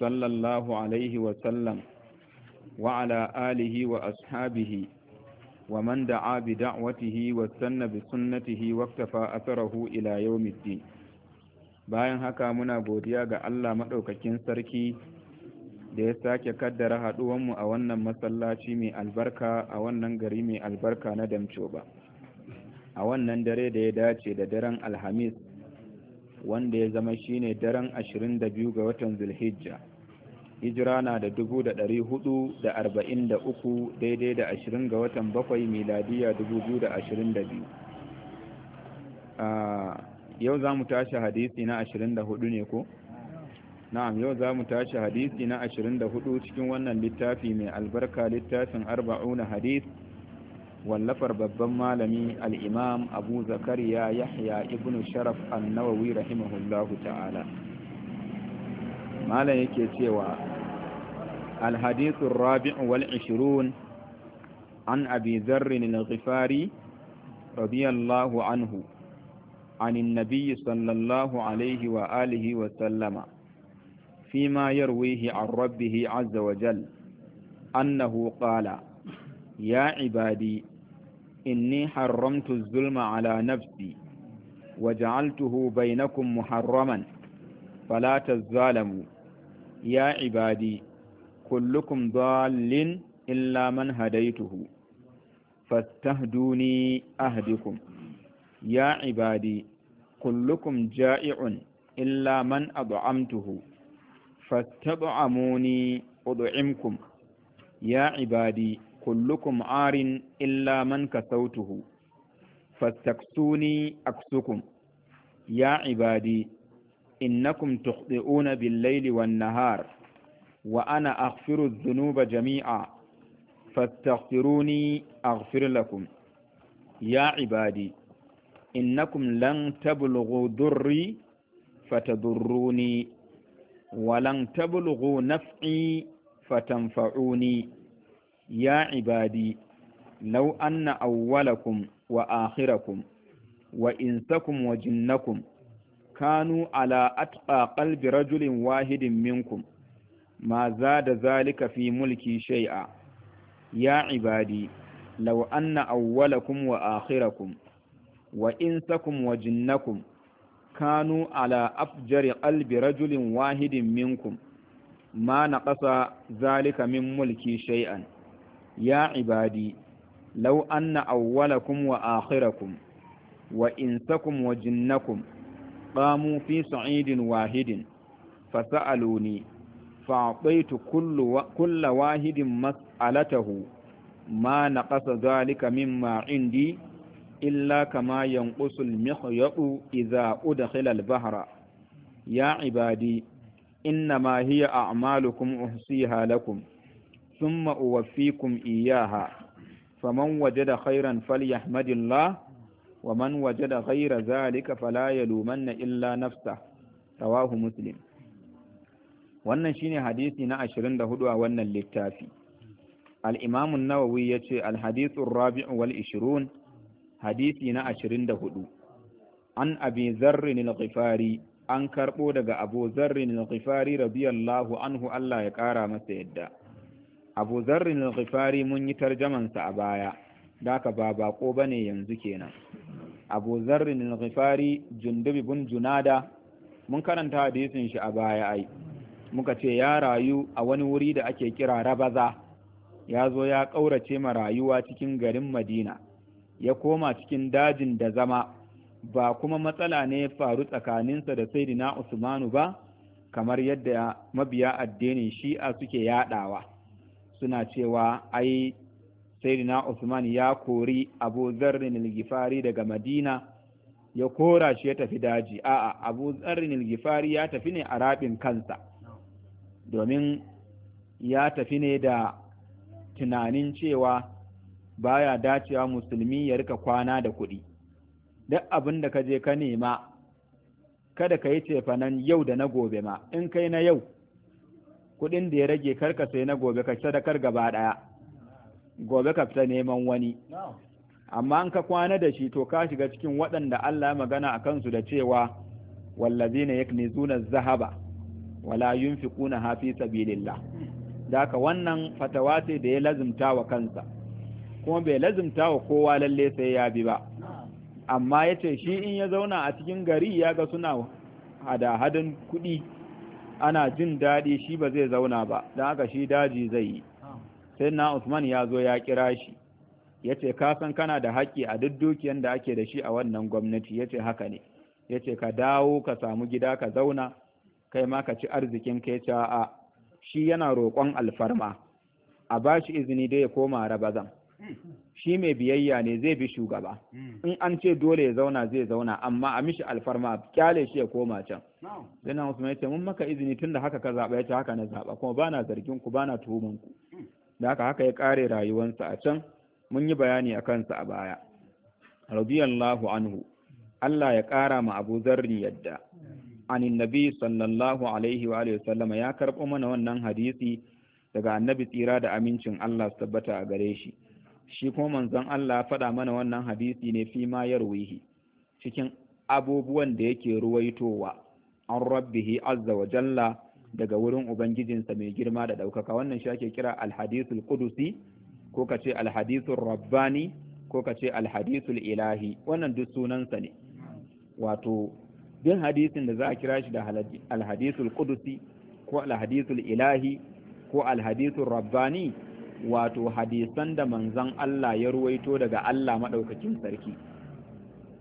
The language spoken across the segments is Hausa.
صلى الله عليه وسلم وعلى آله وأصحابه ومن دعا بدعوته واستنى بسنته واكتفى أثره إلى يوم الدين bayan haka muna godiya ga Allah maɗaukakin sarki da ya sake kaddara haɗuwanmu a wannan masallaci mai albarka a wannan gari mai albarka na ba. a wannan dare da ya dace da daren alhamis wanda ya zama shine daren 22 ga watan zulhijja hijira na da 443 daidai da 20 ga watan bakwai miladiya 2022 yau za mu tashi hadisi na 24 ne ko? na'am yau za mu tashi hadisi na 24 cikin wannan littafi mai albarka littafin arba'una hadisi wallafar babban malami al'imam abu zakariya yahya ibn sharaf annawawi rahimahullahu ta'ala malam yake cewa alhadithun rabi'un wal ishirun an abi zarrin al-ghifari radiyallahu anhu عن النبي صلى الله عليه وآله وسلم فيما يرويه عن ربه عز وجل أنه قال يا عبادي inni haramtu zulma ala nafsi wa ja'altuhu bainakum muharraman fala tazalamu ya ibadi kullukum dallin illa man hadaituhu fastahduni ahdikum ya ibadi kullukum ja'i'un illa man ad'amtuhu fastad'amuni ud'imkum ya ibadi كلكم عار إلا من كسوته فاستكسوني أكسكم يا عبادي إنكم تخطئون بالليل والنهار وأنا أغفر الذنوب جميعا فاستغفروني أغفر لكم يا عبادي إنكم لن تبلغوا ضري فتضروني ولن تبلغوا نفعي فتنفعوني ya ibadi law anna awwalakum wa akhirakum wa insakum wa jinnakum kanu ala atqa qalbi rajulin wahidin minkum ma zada zalika fi mulki shay'a ya ibadi law anna awwalakum wa akhirakum wa insakum wa jinnakum kanu ala afjari qalbi rajulin wahidin minkum ma naqasa zalika min mulki shay'an يا عبادي لو أن أولكم وآخركم وإنسكم وجنكم قاموا في صعيد واحد فسألوني فأعطيت كل, و... كل واحد مسألته ما نقص ذلك مما عندي إلا كما ينقص المخيط إذا أدخل البحر يا عبادي إنما هي أعمالكم أحصيها لكم summa uwaffikum iyaha faman waje wajada khairan falyahmadillah wa man da ghaira zalika fala yalumanna illa nafsa rawahu muslim wannan shine hadisi na 24 a wannan littafi al-imam an-nawawi yace al-hadithu ar-rabi'u wal 20 hadisi na 24 an abi dharr al an karbo daga abu zarrin al-ghifari radiyallahu anhu Allah ya kara masa yadda abu zarrin al mun yi tarjamansa a baya daka ba bako bane yanzu kenan abu zarrin al jundubi bin junada mun karanta hadisin shi a baya ai muka ce ya rayu a wani wuri da ake kira rabaza ya zo ya ƙaurace ma rayuwa cikin garin madina ya koma cikin dajin da zama ba kuma matsala ne ya faru tsakaninsa da saidina usmanu ba kamar yadda mabiya addinin shi'a suke yadawa suna cewa ai sayyidina Usman ya kori Abu Zarrin al-Ghifari daga Madina ya kora shi ya tafi daji a'a Abu Zarrin al-Ghifari ya tafi ne a rabin kansa domin ya tafi ne da tunanin cewa baya dacewa musulmi ya rika kwana da kuɗi duk abin da ka je ka nema kada ka yi cefanen yau da na gobe ma in kai na yau kuɗin da ya rage karka sai na gobe ka sadakar gaba ɗaya gobe ka fita neman wani amma an ka kwana da shi to ka shiga cikin waɗanda Allah magana a kansu da cewa wallazina yaknizuna zahaba wala yunfiquna kuna fi sabilillah daka wannan fatawa sai da ya lazimta wa kansa kuma bai lazimta wa kowa lalle sai ya bi ba amma yace shi in ya zauna a cikin gari ya ga suna hada-hadan kuɗi ana jin daɗi shi ba zai zauna ba don haka shi daji zai yi sai na usman ya zo ya kira shi ya ce ka san kana da haƙƙi a duk dukiyan da ake da shi a wannan gwamnati ya ce haka ne ya ce ka dawo ka samu gida ka zauna kai ma ka ci arzikin kai ta a shi yana roƙon alfarma a bashi izini dai ya koma rabazan shi mai biyayya ne zai bi shugaba hmm. in an ce dole ya zauna zai zauna amma a mishi alfarma kyale shi ya koma can dana nan Usman yace mun maka izini tun da haka ka zaɓa ya ce haka na zaɓa, kuma ba na zargin ku ba na tuhumin ku hmm. da haka haka ya kare rayuwarsa a can mun yi bayani a kansa a baya radiyallahu anhu Allah ya kara ma Abu Zarri yadda anin nabi sallallahu alaihi wa alihi sallama ya karɓo mana wannan hadisi daga annabi tsira da amincin Allah su tabbata a gare shi shi kuma manzon Allah faɗa mana wannan hadisi ne fi ma yarwihi cikin abubuwan da yake ruwaitowa an rabbihi azza wa jalla daga wurin ubangijinsa mai girma da ɗaukaka wannan shi ake kira alhadisul qudusi ko ka ce alhadisul rabbani ko ka ce alhadisul ilahi wannan duk sunansa ne wato bin hadisin da za a kira shi da alhadisul qudusi ko alhadisul ilahi ko alhadisul rabbani wato hadisan da manzan Allah ya ruwaito daga Allah maɗaukakin sarki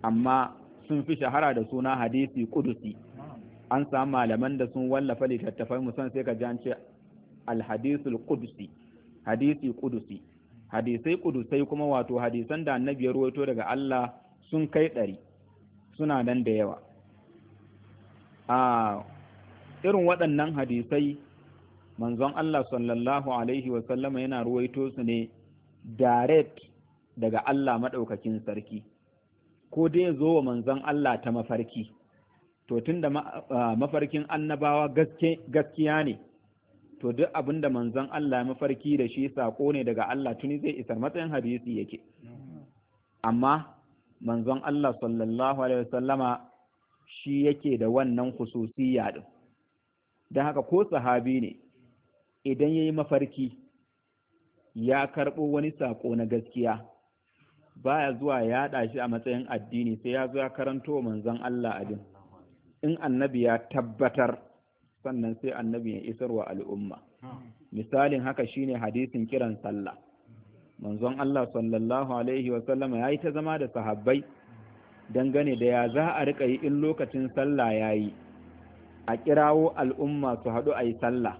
amma sun fi shahara da suna hadisi ƙudusi, an samu malaman da sun wallafa littattafai musan sai ka jan ce alhadisul hadisi ƙudusi. hadisai ƙudusai kuma wato hadisan da annabi ya ruwaito daga Allah sun kai ɗari suna nan da yawa a ah, irin waɗannan hadisai manzon Allah sallallahu alaihi wa sallama yana ruwaito su ne direct daga Allah maɗaukakin sarki ko dai zo wa manzon Allah ta mafarki to tunda mafarkin annabawa gaskiya ne to duk abin da manzon Allah ya mafarki da shi sako ne daga Allah tuni zai isar matsayin hadisi yake amma manzon Allah sallallahu alaihi wasallama shi yake da wannan khususiyya din don haka ko sahabi ne idan ya yi mafarki ya karɓo wani saƙo na gaskiya baya zuwa ya haɗa shi a matsayin addini sai ya zo ya karanto wa manzon Allah abin in annabi ya tabbatar sannan sai annabi ya isar wa al'umma misalin haka shine hadisin kiran sallah manzon Allah sallallahu alaihi wa sallama yayi ta zama da sahabbai dangane da ya za a rika yi in lokacin sallah yayi a kirawo al'umma su haɗu a yi sallah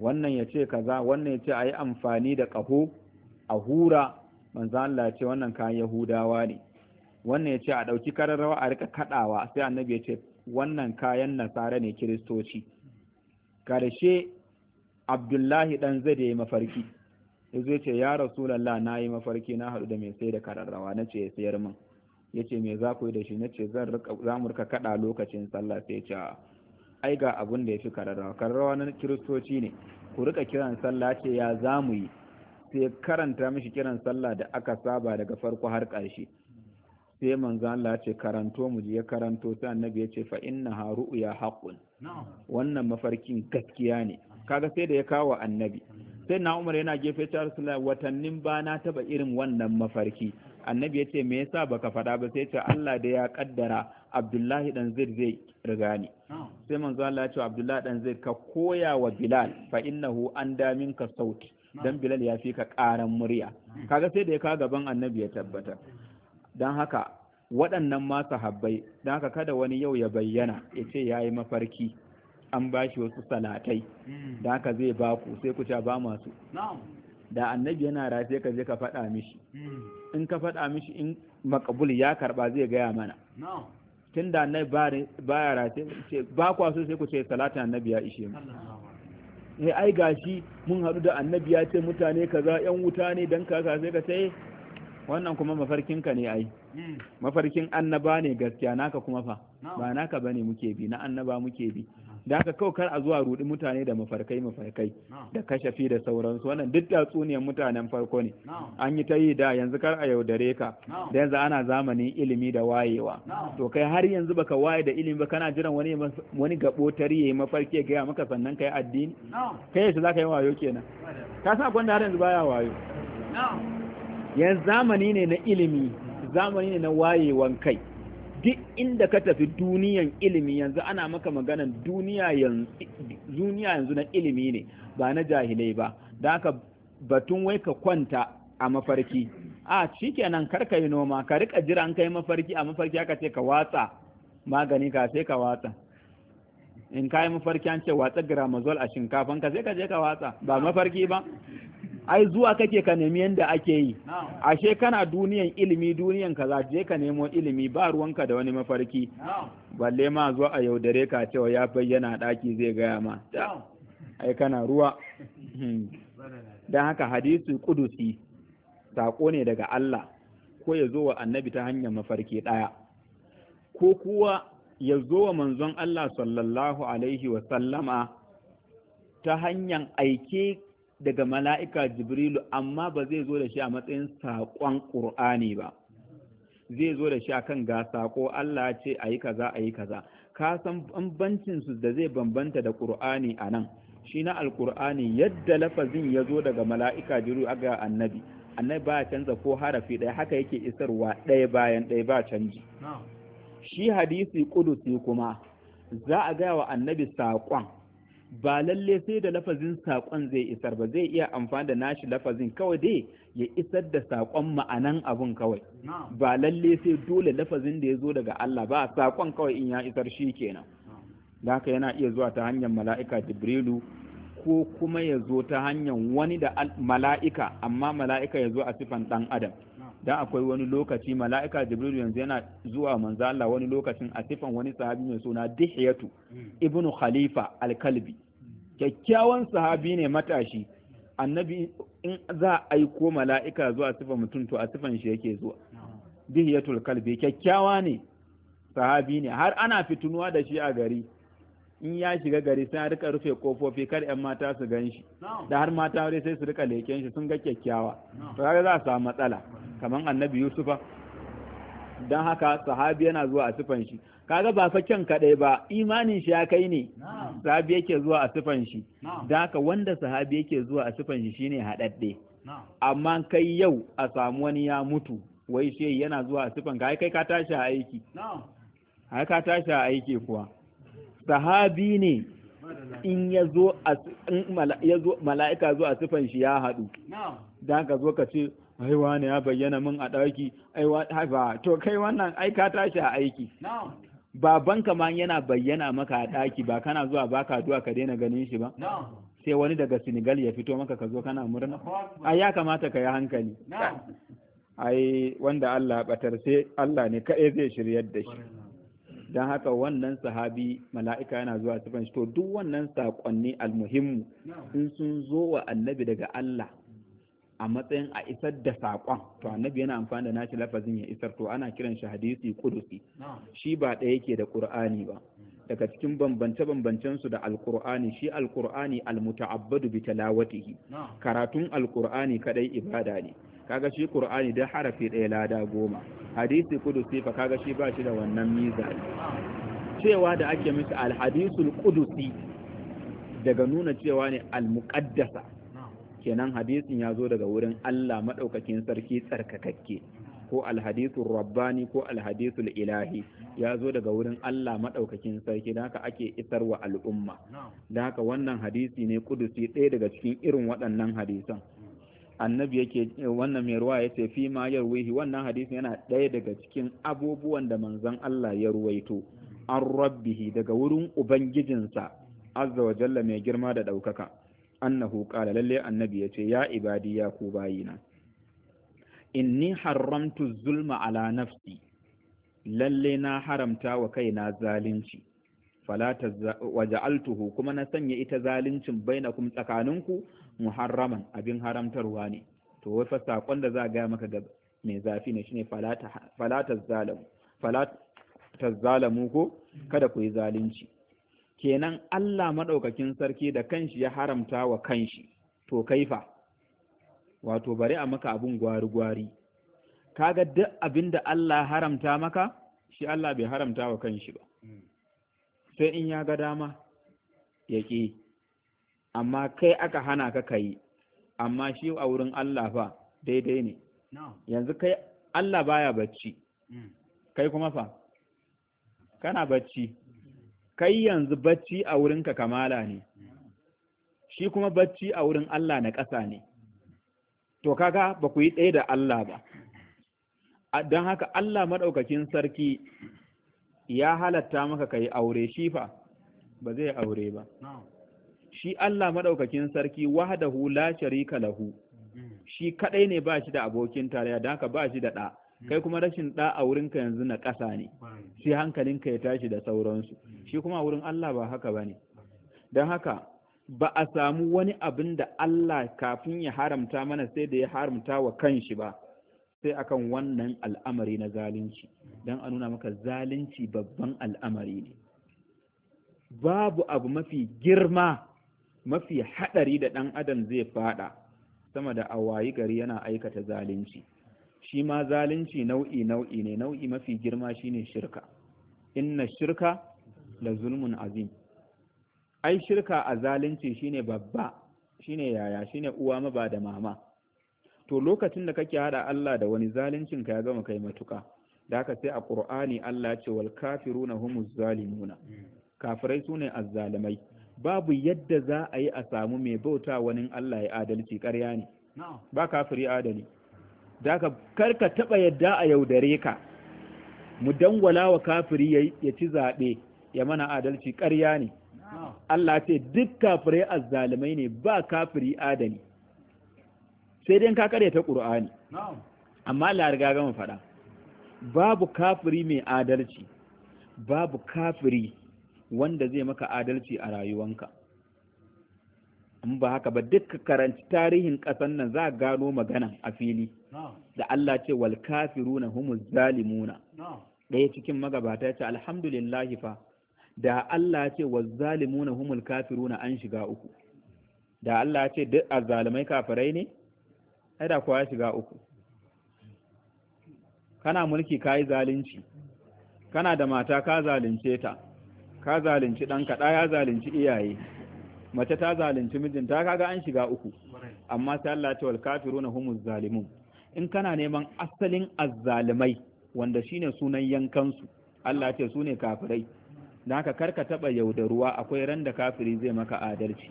wannan ya ce kaza wannan ya ce a yi amfani da ƙaho a hura manzo Allah ya ce wannan kayan yahudawa ne wannan ya ce a ɗauki kararrawa a rika kaɗawa sai annabi ya ce wannan kayan nasara ne kiristoci karshe abdullahi ɗan zai da ya mafarki ya zai ce ya rasulallah na yi mafarki na haɗu da mai sai da kararrawa na ce ya sayar min ya ce me za ku yi da shi na ce za mu rika kaɗa lokacin sallah sai ya ce ai ga abun da ya fi kararrawa kararrawa na kiristoci ne ku rika kiran sallah ce ya zamu yi sai karanta mishi kiran sallah da aka saba daga farko har ƙarshe sai manzo Allah ce karanto mu je karanto sai annabi ya ce fa inna ha ru'ya haqqun wannan mafarkin gaskiya ne kaga sai da ya kawo annabi sai na Umar yana gefe ta Rasulullah watannin ba na taba irin wannan mafarki annabi ya ce me yasa baka faɗa ba sai ce Allah da ya kaddara Abdullahi dan Zaid zai riga ni sai manzo Allah ya ce Abdullahi dan Zaid ka koya wa Bilal fa innahu anda minka sauti dan Bilal ya fi ka ƙaran murya kaga sai da ya kaga ban annabi ya tabbata dan haka waɗannan ma sahabbai dan haka kada wani yau ya bayyana ya ce yayi mafarki an bashi wasu salatai hmm. da haka zai baku sai ku ba masu da annabi yana raye ka je ka faɗa mishi hmm. in ka faɗa mishi in makabul ya karba zai gaya mana tun da annabi baya raye ce ba kwa so sai ku ce salatin annabi ya ishe mu eh ai gashi mun haɗu da annabi ya ce mutane kaza yan wuta ne dan kaka sai ka ce wannan kuma mafarkin ka ne ai hmm. mafarkin annaba ne gaskiya naka kuma fa ba naka bane muke bi na annaba muke bi da haka kawai kar a zuwa rudi mutane da mafarkai mafarkai da kashafi da sauransu wannan duk tatsuniyar mutanen farko ne an yi ta yi da yanzu kar a yaudare ka da yanzu ana zamanin ilimi da wayewa to kai har yanzu baka waye da ilimi ba kana jiran wani wani gabotari yayi mafarki ya gaya maka sannan kai addini kai yace zaka yi wayo kenan ka sa gwanda har yanzu baya wayo yanzu zamani ne na ilimi zamani ne na wayewan kai duk inda ka tafi duniyan ilimi yanzu ana maka maganan duniya yanzu na ilimi ne ba na jahilai ba da aka batun wai ka kwanta a mafarki a shikenan kar ka yi noma ka rika jiran kai mafarki a mafarki aka ce ka watsa magani ka sai ka watsa in kayi mafarki an ce watsa gramazol a shinkafan ka sai ka je ka watsa ba mafarki ba ai zuwa kake ka nemi yanda ake yi ashe kana duniyan ilimi duniyan za je ka nemo ilimi ba ruwanka da wani mafarki balle ma zuwa a yaudare ka cewa ya bayyana daki zai gaya ma ai kana ruwa hmm. don haka hadisi kudusi sako ne daga Allah ko ya zo wa annabi ta hanyar mafarki ɗaya ko kuwa ya zo wa manzon Allah sallallahu Alaihi sallama ta hanyar aike daga mala'ika Jibrilu, amma ba zai zo da shi a matsayin saƙon ƙur'ani ba, zai zo da shi a kan ga saƙo Allah ce a yi kaza a yi kaza, ka san bambancinsu da zai bambanta da ƙur'ani a nan, shi na alƙur'ani yadda lafazin ya zo daga mala'ika Jibrilu ga annabi, annabi ba canza ko harafi ɗaya haka yake isarwa ɗaya bayan ɗaya ba canji. No. shi hadisi kudusi kuma za a gaya wa annabi saƙon ba lalle sai da lafazin saƙon zai isar ba zai iya amfani da nashi lafazin kawai dai ya isar da saƙon ma'anan abun kawai ba lalle sai dole lafazin da ya zo daga Allah ba saƙon kawai in ya isar shi kenan da haka yana iya zuwa ta hanyar mala'ika jibrilu ko kuma ya zo ta hanyar wani da mala'ika amma mala'ika ya zo a sifan ɗan adam dan akwai wani lokaci mala'ika jibril yanzu yana zuwa manzo Allah wani lokacin a sifan wani sahabi mai suna dihiyatu ibnu khalifa al-kalbi kyakkyawan sahabi ne matashi annabi in za a aiko mala'ika zuwa sifan mutum to a sifan shi yake zuwa al kalbi kyakkyawa ne sahabi ne har ana fitunuwa da shi a gari in ya shiga gari sai a rika rufe kofofi kar yan mata su gan shi da har mata wuri sai su rika leken shi sun ga kyakkyawa to kaga za a samu matsala kamar annabi yusufa don haka sahabi yana zuwa a sifan shi kaga ba fa kyan kadai ba imanin shi ya kai ne sahabi yake zuwa a sifan shi dan haka wanda sahabi yake zuwa a sifan shi shine hadadde amma kai yau a samu wani ya mutu wai shi yana zuwa a sifan ka kai ka tashi a aiki ka tashi a aiki kuwa sahabi ne in ya zo mala'ika zo a sifan shi ya haɗu don ka zo ka ce aiwa ne ya bayyana min a ɗauki haifa to kai wannan aika tashi a aiki babanka ma yana bayyana maka a ɗaki ba kana zuwa baka zuwa ka daina ganin shi ba sai wani daga Senegal ya fito maka ka zo kana murna ai ya kamata ka yi hankali ai wanda Allah batar sai Allah ne kaɗai zai shiryar da shi don haka wannan sahabi mala'ika yana zuwa sifan shi to duk wannan saƙonni almuhimmu in sun zo wa annabi daga Allah a matsayin a isar da saƙon to annabi yana amfani da nashi lafazin ya isar to ana kiran shi hadisi kudusi shi ba ɗaya yake da ƙur'ani ba hmm. daga cikin bambance-bambancen su da alƙur'ani shi alƙur'ani almuta'abbadu bi karatun alƙur'ani kadai ibada ne kaga shi qur'ani da harafi ɗaya lada goma hadisi kudusi fa kaga shi ba shi da wannan mizani cewa da ake al alhadisul kudusi daga nuna cewa ne muqaddasa kenan hadisin ya zo daga wurin Allah madaukakin sarki tsarkakakke ko alhadisul rabbani ko alhadisul ilahi ya zo daga wurin Allah maɗaukakin sarki da haka ake isarwa al'umma da haka wannan hadisi ne kudusi ɗaya daga cikin irin waɗannan hadisan annabi yake wannan mai ruwa yace fi ma yarwaihi wannan hadisi yana ɗaya daga cikin abubuwan da manzon Allah ya ruwaito an rabbihi daga wurin ubangijinsa azza wa jalla mai girma da ɗaukaka annahu qala lalle annabi yace ya ibadi ya ku bayina inni haramtu zulma ala nafsi lalle na haramta wa kaina zalunci fala waja'altuhu kuma na sanya ita zaluncin bainakum tsakaninku muharraman abin haramtarwa ne to wai fa sakon da za a gaya maka ga mai zafi ne shine falata zalamu zalamu ko kada ku yi zalunci kenan Allah madaukakin sarki da kanshi ya haramta wa kanshi to kaifa wato bari a maka abun gwari gwari kaga duk abin da Allah haramta maka shi Allah bai haramta wa kanshi ba hmm. sai in ya ga dama Yake. amma kai aka hana ka kai amma shi a wurin Allah fa daidai ne yanzu kai Allah baya bacci mm. kai kuma fa kana bacci kai yanzu bacci a wurin ka kamala ne shi kuma bacci a wurin Allah na ƙasa ne to kaga ba ku yi ɗaya da Allah ba don haka Allah maɗaukakin sarki ya halatta maka ka aure shi fa ba zai aure ba shi Allah madaukakin sarki wahdahu la sharika lahu shi kadai ne ba shi da abokin tarayya da haka ba shi da ɗa. kai kuma rashin ɗa a wurin ka yanzu na ƙasa ne sai hankalin ka ya tashi da sauransu shi kuma wurin Allah ba haka bane don haka ba a samu wani abin da Allah kafin ya haramta mana sai da ya haramta wa kanshi ba sai akan wannan al'amari na zalunci don a nuna maka zalunci babban al'amari ne babu abu mafi girma mafi haɗari da ɗan adam zai faɗa sama da a wayi gari yana aikata zalunci shi ma zalunci nau'i nau'i ne nau'i mafi girma shine shirka inna shirka la zulmun azim ai shirka a zalunci shine babba shine yaya shine uwa maba da mama to lokacin da kake hada Allah da wani zaluncin ka ya gama kai matuka da haka sai a Qur'ani Allah ya ce wal kafiruna humuz zalimuna hmm. kafirai sune azzalimai babu yadda za a yi a samu mai bauta wani Allah ya adalci ƙarya ne ba kafiri adali da ka karka taɓa yadda a yaudare ka mu dangwala wa kafiri ya ci zaɓe ya mana adalci ƙarya ne Allah ce duk kafirai azzalumai ne ba kafiri adali sai dai ka karya ta ƙur'ani amma Allah riga gama faɗa babu kafiri mai adalci babu kafiri wanda zai maka adalci a rayuwanka in ba haka ba duk karanci tarihin ƙasar nan za a gano magana a fili da Allah ce wal kafiruna humuz zalimuna ɗaya cikin magabata ce alhamdulillah fa da Allah ce waz zalimuna humul kafiruna an shiga uku da Allah ce duk azzalimai kafirai ne ai da kowa ya shiga uku kana mulki kayi zalunci kana da mata ka zalunce ta ka zalunci ɗanka ɗa ya zalunci iyaye mace ta zalunci mijinta kaga an shiga uku amma sai Allah ta wal kafiruna humuz zalimun in kana neman asalin azzalimai wanda shine sunan yankansu Allah ce su ne kafirai don haka karka taba yaudaruwa akwai ran da kafiri zai maka adalci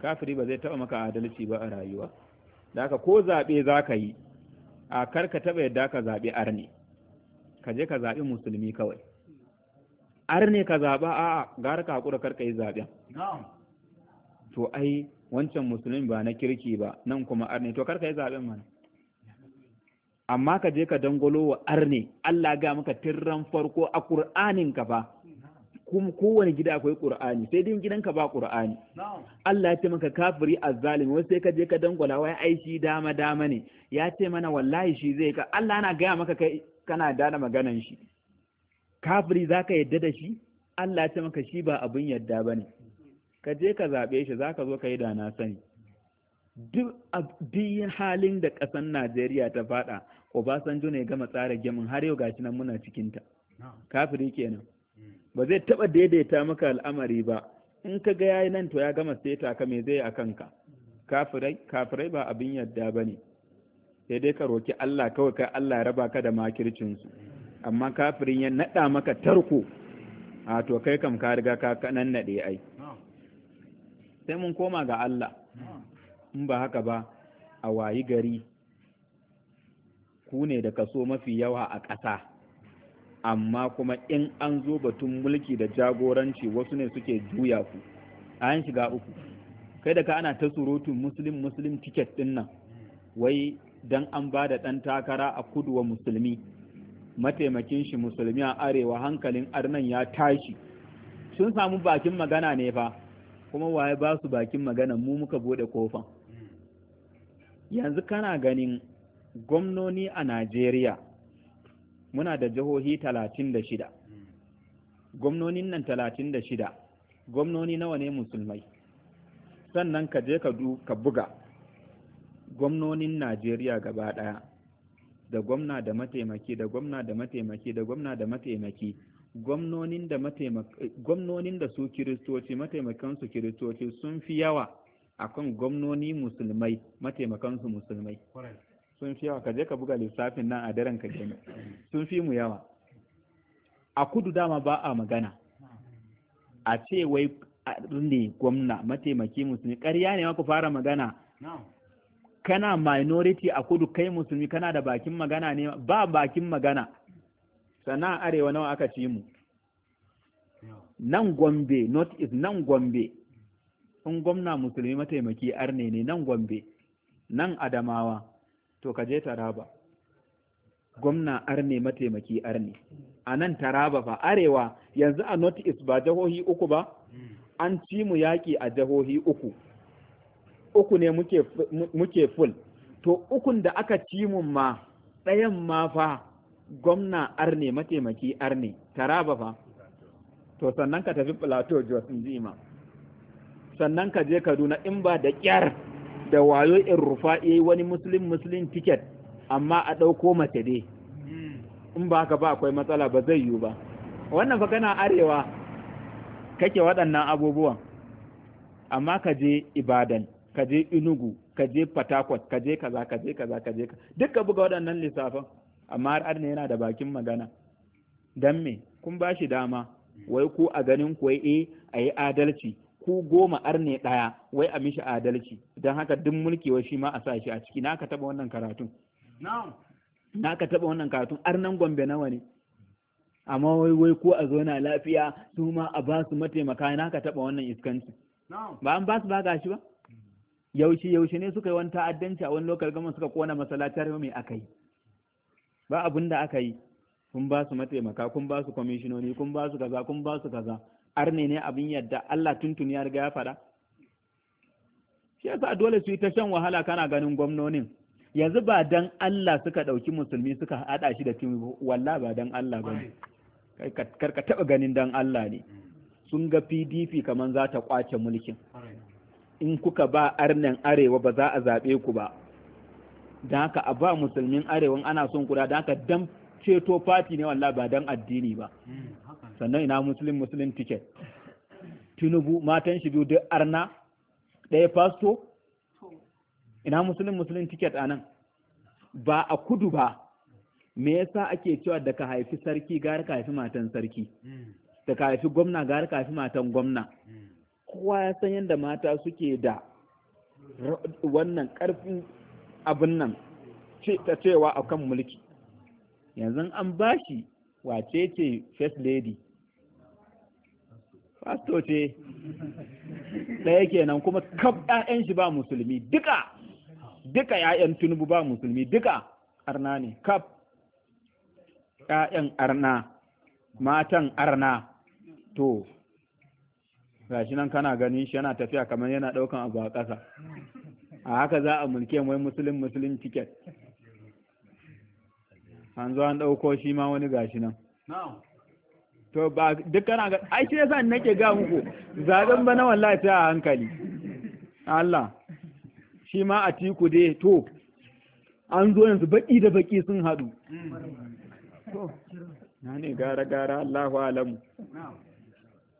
kafiri ba zai taba maka adalci ba a rayuwa da haka ko zaɓe za ka yi a karka taba yadda ka zaɓe arne ka je ka zaɓi musulmi kawai ar ne ka zaɓa a'a gara ka haƙura karka yi zaɓen to ai wancan musulmi ba na kirki ba nan kuma ar ne to karka yi zaɓen mana amma ka je ka dangolo wa ar ne Allah ga maka tirran farko a ƙur'anin ka fa kuma kowane gida akwai ƙur'ani sai din gidanka ba ƙur'ani Allah ya ce maka kafiri zalimi wasu sai ka je ka dangwala wai ai dama dama ne ya ce mana wallahi shi zai ka Allah na gaya maka kai kana dana maganan shi kafiri za ka yadda da shi Allah ce maka shi ba abin yadda ba ne ka je ka zaɓe shi za ka zo ka yi da na sani duk halin da ƙasar Najeriya ta faɗa Obasanjo ne gama tsara gemin har yau gashi nan muna cikinta kafiri kenan hmm. ba zai taɓa daidaita maka al'amari ba in ka ga yayi nan to ya gama seta ka me zai a kanka kafirai kafirai ba abin yadda ba ne sai dai ka roki Allah kawai kai Allah ya raba ka da makircinsu hmm. amma kafirin ya naɗa maka tarko a to kai kam ka riga ka kanan naɗe ai sai mun koma ga Allah in ba haka ba a wayi gari ku ne da kaso mafi yawa a ƙasa amma kuma in an zo batun mulki da jagoranci wasu ne suke juya ku A 'yan shiga uku kai da ka ana ta surutun muslim muslim tiket ɗin nan wai dan an ba da ɗan takara a kudu wa musulmi mataimakin shi musulmi a arewa hankalin arnan ya tashi sun samu bakin magana ne fa kuma waye ba su bakin magana mu muka bude kofan yanzu kana ganin gwamnoni a najeriya muna da jihohi talatin da shida gwamnonin nan talatin da shida gwamnoni nawa ne musulmai sannan ka je ka buga gwamnonin najeriya gaba ɗaya da gwamna da mataimaki da gwamna da mataimaki da gwamna da mataimaki gwamnonin da gwamnonin da su kiristoci mataimakan su kiristoci sun fi yawa akan gwamnoni musulmai mataimakan su musulmai sun fi yawa Kaje ka buga lissafin nan a daren ka gani sun fi mu yawa a kudu dama ba a magana a ce wai ne gwamna mataimaki musulmi ƙarya ne ma ku fara magana kana minority a kudu kai musulmi kana da bakin magana ne ba bakin magana sana arewa nawa aka ci mu nan gombe North is nan gombe in gwamna musulmi mataimaki arne ne nan gombe nan adamawa to ka je taraba gwamna arne mataimaki arne a nan taraba fa arewa yanzu a north east ba jihohi uku ba an ci mu yaƙi a jihohi uku uku ne muke full to ukun da aka ci mun ma ɗayan ma fa gwamna arne mataimaki arne taraba fa to sannan ka tafi plateau jos zima sannan ka je kaduna in ba da kyar da wayo in rufa eh, wani muslim muslim ticket amma a ɗauko mace dai in ba haka ba akwai matsala ba zai yiwu ba wannan fa kana arewa kake waɗannan abubuwan amma ka je ibadan ka je inugu ka je fatakwat ka je kaza ka je kaza ka je ka duk ka buga waɗannan lissafin amma har arne yana da bakin magana dan me kun ba shi dama wai ku a ganin ku wai eh a yi adalci ku goma arne ɗaya wai a mishi adalci don haka duk mulki wai shi ma a sa shi a ciki na ka taɓa wannan karatun na ka taɓa wannan karatun arnan gombe nawa ne amma wai wai ko a zo na lafiya su ma a ba su mataimaka na ka taɓa wannan iskanci ba an ba su ba gashi ba yaushe yaushe ne suka yi wani ta'addanci a wani lokal gama suka kona masallatar mai aka yi ba abin da aka yi kun ba su mataimaka kun ba su kwamishinoni kun ba su kaza kun ba su kaza arne ne abin yadda Allah tuntun ya riga ya faɗa shi yasa dole su yi ta shan wahala kana ganin gwamnonin yanzu ba dan Allah suka ɗauki musulmi suka haɗa shi da tinubu walla ba dan Allah ba ne kar ka taba ganin dan Allah ne sun ga PDP kaman za ta kwace mulkin in kuka ba arnen arewa ba za a zaɓe ku ba don haka a ba musulmin arewa ana son kuda don haka dan ceto fati ne wallah ba dan addini ba sannan ina musulun musulun tiket. tinubu matan shi biyu duk arna ɗaya fasto ina musulun musulun tiket a nan ba a kudu ba me yasa ake cewa da ka haifi sarki gara ka haifi matan sarki hmm. da ka haifi gwamna gara ka haifi matan gwamna mm. kowa ya san yadda mata suke da wannan ƙarfin abin nan ta cewa a kan mulki yanzu an ba shi wace ce first lady pasto ce ɗaya kenan kuma kaf ‘ya'yan shi ba musulmi duka duka ‘ya'yan tunubu ba musulmi duka arna ne kaf ƴaƴan arna matan arna to gashi nan kana ganin shi yana tafiya kamar yana daukan abu a ƙasa a haka za a mulke wai musulun musulun tiket an zo an dauko shi ma wani gashi nan to ba duk kana ga ai shi yasa nake ga muku zaben bana wallahi ta hankali Allah shi ma a tiku dai to an zo yanzu baki da baki sun hadu mm. to na ne gara gara Allahu alamu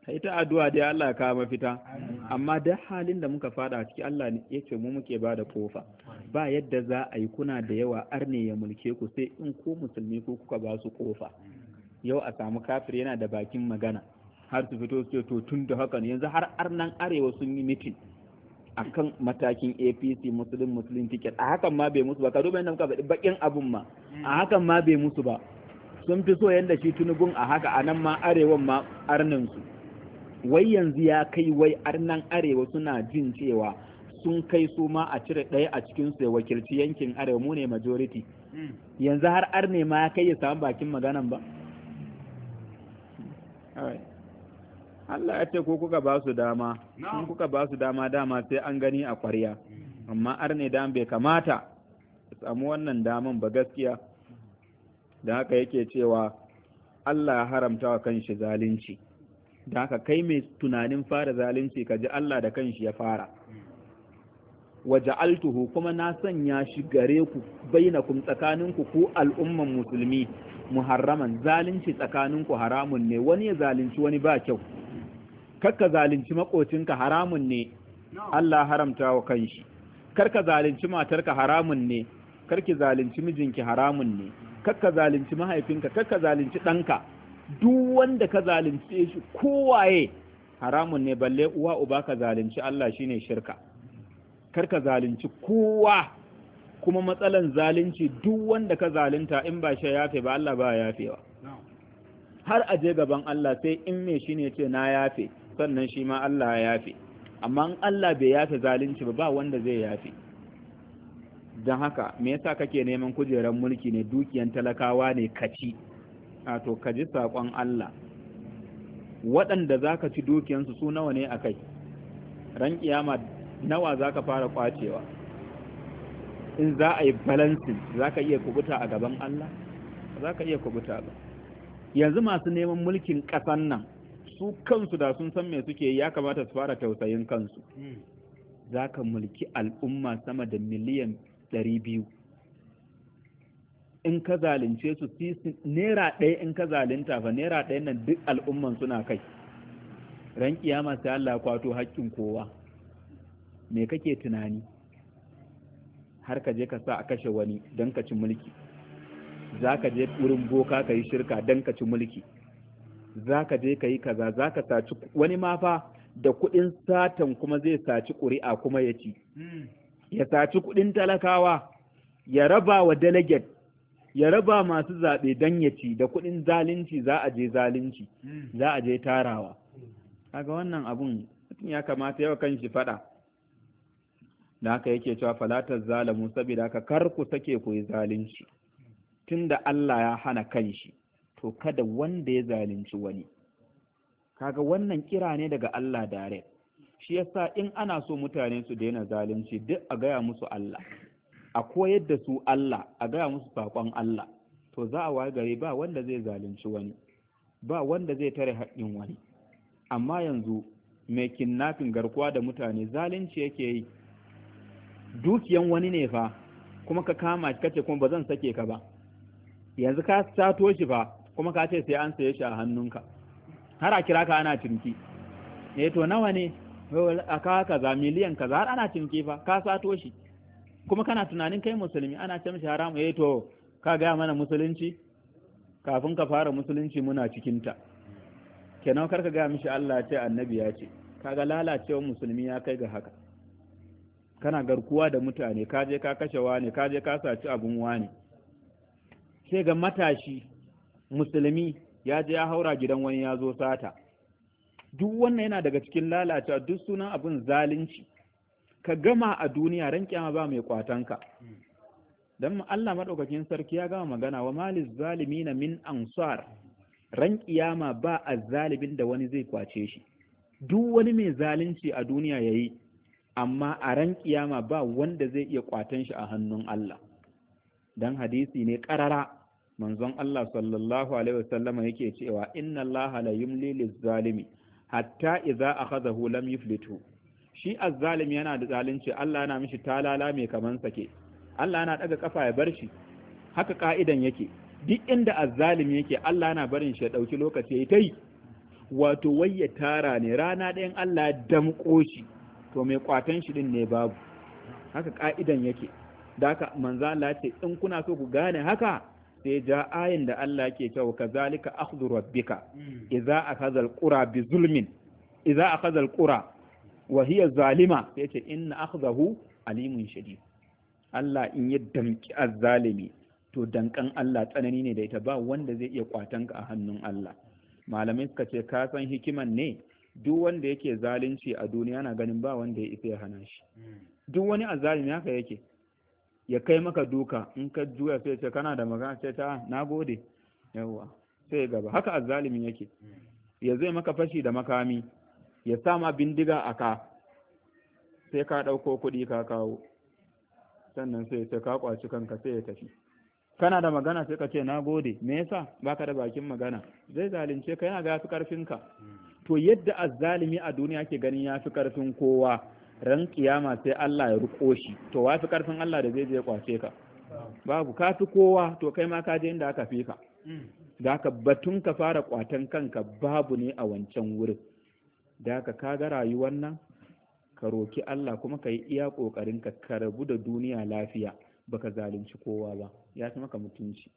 ita addu'a dai Allah kawo mafita amma da halin da muka fada ciki Allah ne yace mu muke ba da kofa ba yadda za a yi kuna da yawa arne ya mulke ku sai in ko musulmi ko kuka ba su kofa yau a samu kafir yana da bakin magana har su fito su to tun da haka yanzu har arnan arewa sun yi mitin akan matakin APC musulun musulun ticket a hakan ma bai musu ba ka duba yadda muka faɗi bakin abun ma a hmm. hakan ma bai musu ba sun fi so yadda shi tunugun a haka a nan ma arewan ma arnan su wai yanzu ya kai wai arnan arewa suna jin cewa sun kai su ma a cire ɗaya a cikin su ya wakilci yankin arewa mu ne majority hmm. yanzu har arne ma ya kai ya samu bakin maganan ba Allah ya ce ko kuka ba su dama kun kuka ba su dama dama sai an gani a kwarya hmm. amma arne dan bai kamata samu wannan daman ba gaskiya da haka yake cewa Allah ya haramta wa kanshi zalunci da haka kai mai tunanin fara zalunci ka ji Allah da kanshi ya fara wa ja'altuhu kuma na sanya shi gare ku kum tsakaninku ku al'umman musulmi muharraman zalunci tsakanin ku haramun ne wani ya zalunci wani ba kyau karka zalunci makocinka haramun ne Allah haramta wa kanshi karka zalunci matarka haramun ne karki zalunci mijinki haramun ne karka zalunci mahaifinka karka zalunci danka? duk wanda ka zalunce shi kowaye haramun ne balle uwa uba ka zalunci Allah shine shirka kar ka zalunci kowa kuma matsalan zalunci duk wanda ka zalunta in ba shi yafe ba Allah ba yafewa har aje gaban Allah sai in me shi ne ce na yafe sannan shi ma Allah ya yafe amma in Allah bai yafe zalunci ba ba wanda zai yafe dan haka me yasa kake neman kujerar mulki ne dukiyan talakawa ne kaci a to ka ji saƙon Allah waɗanda za ka ci dukiyansu su nawa ne a kai ran ƙiyama nawa za ka fara ƙwacewa? in za a yi balansin za ka iya kubuta a gaban Allah za ka iya kubuta ba yanzu masu neman mulkin ƙasan nan su kansu da sun san me suke ya kamata su fara tausayin kansu hmm. za ka mulki al'umma sama da miliyan ɗari biyu in ka zalunce su naira ɗaya in ka zalunta fa naira ɗaya nan duk al'umman suna kai ran kiyama sai Allah kwato haƙƙin kowa me kake tunani har ka je ka sa a kashe wani don ka ci mulki za ka je wurin boka ka yi shirka don ka ci mulki za ka je ka yi kaza za ka saci wani ma fa da kuɗin satan kuma zai saci ƙuri'a kuma ya ci hmm. ya saci kuɗin talakawa ya raba wa delegate ya raba masu zaɓe don ya ci da kuɗin zalunci za a je zalunci hmm. za a je tarawa kaga wannan abun mutum ya kamata yawa kan shi faɗa da haka yake cewa falatar zalamu saboda haka kar ku sake ku yi zalunci tunda Allah ya hana kanshi to kada wanda ya zalunci wani kaga wannan kira ne daga Allah dare, shi yasa in ana so mutane su daina zalunci duk a gaya musu Allah a koyar da su Allah a gaya musu saƙon Allah to za a waye gari ba wanda zai zalunci wani ba wanda zai tare haƙƙin wani amma yanzu mai kinnafin garkuwa da mutane zalunci yake yi dukiyan wani ne fa kuma ka kama shi kace kuma ba zan sake ka ba yanzu ka sato shi fa kuma ka ce sai an saye shi a hannunka har a kira ka ana cinki eh to nawa ne a kaza miliyan kaza har ana cinki fa ka sato shi kuma kana tunanin kai musulmi ana ce mishi haramu eh to ka ga mana musulunci kafin ka fara musulunci muna cikin ta kenan kar ka ga mishi Allah ce annabi ya ce kaga lalacewa musulmi ya kai ga haka kana garkuwa da mutane ka je ka kashe wani ka je ka saci abun wani sai ga matashi musulmi ya je ya haura gidan wani ya zo sata duk wannan yana daga cikin lalacewa duk sunan abin zalunci ka gama a duniya ran kiyama ba mai kwatanka dan Allah madaukakin sarki ya gama magana wa maliz zalimin min ansar ran kiyama ba azzalibin da wani zai kwace shi duk wani mai zalunci a duniya yayi amma a ran kiyama ba wanda zai iya kwatan shi a hannun Allah dan hadisi ne karara manzon Allah sallallahu alaihi wasallama yake cewa inna Allah la yumli lizzalimi hatta idza akhadhahu lam yuflitu shi azzalim yana da zalunci Allah yana mishi talala mai kaman sake Allah yana daga kafa ya bar shi haka ka'idan yake duk inda azzalim yake Allah yana barin shi ya dauki lokaci ya tai wato wai ya tara ne rana ɗayan Allah ya damƙo shi to mai kwatan shi din ne babu haka ka'idan yake da haka manzo Allah ce in kuna so ku gane haka sai ja ayin da Allah ke cewa kazalika akhdhu rabbika hmm. idza akhadha alqura bi zulmin idza akhadha alqura wa hiya zalima sai ce inna akhdahu alimun shadid Allah in ya damki azzalimi to dankan Allah tsanani ne da ita ba wanda zai iya kwatanka a hannun Allah malamai suka ce ka san hikiman ne duk wanda yake zalunci a duniya na ganin ba wanda ya isa ya hana shi duk wani azzalimi haka yake ya kai maka duka in ka juya sai ce kana da magana sai ta ah, na gode yawa sai gaba haka azzalimin yake ya zai maka fashi da makami ya ma bindiga a ka sai ka ɗauko kuɗi ka kawo sannan sai sai ka kwaci kanka sai ya tafi kana da magana sai ka ce na gode me yasa baka da bakin magana zai zalunce ka yana ga fi karfinka to yadda azzalimi a duniya ke ganin ya fi karfin kowa ran kiyama sai Allah ya ruko shi to fi karfin Allah da zai je kwace ka babu ka fi kowa to kai ma ka je inda aka fi ka mm. da ka batun ka fara kwatan kanka babu ne a wancan wurin da ka kaga rayuwar nan ka roki Allah kuma ka yi iya kokarin ka karabu da duniya lafiya baka zalunci kowa ba ya fi maka mutunci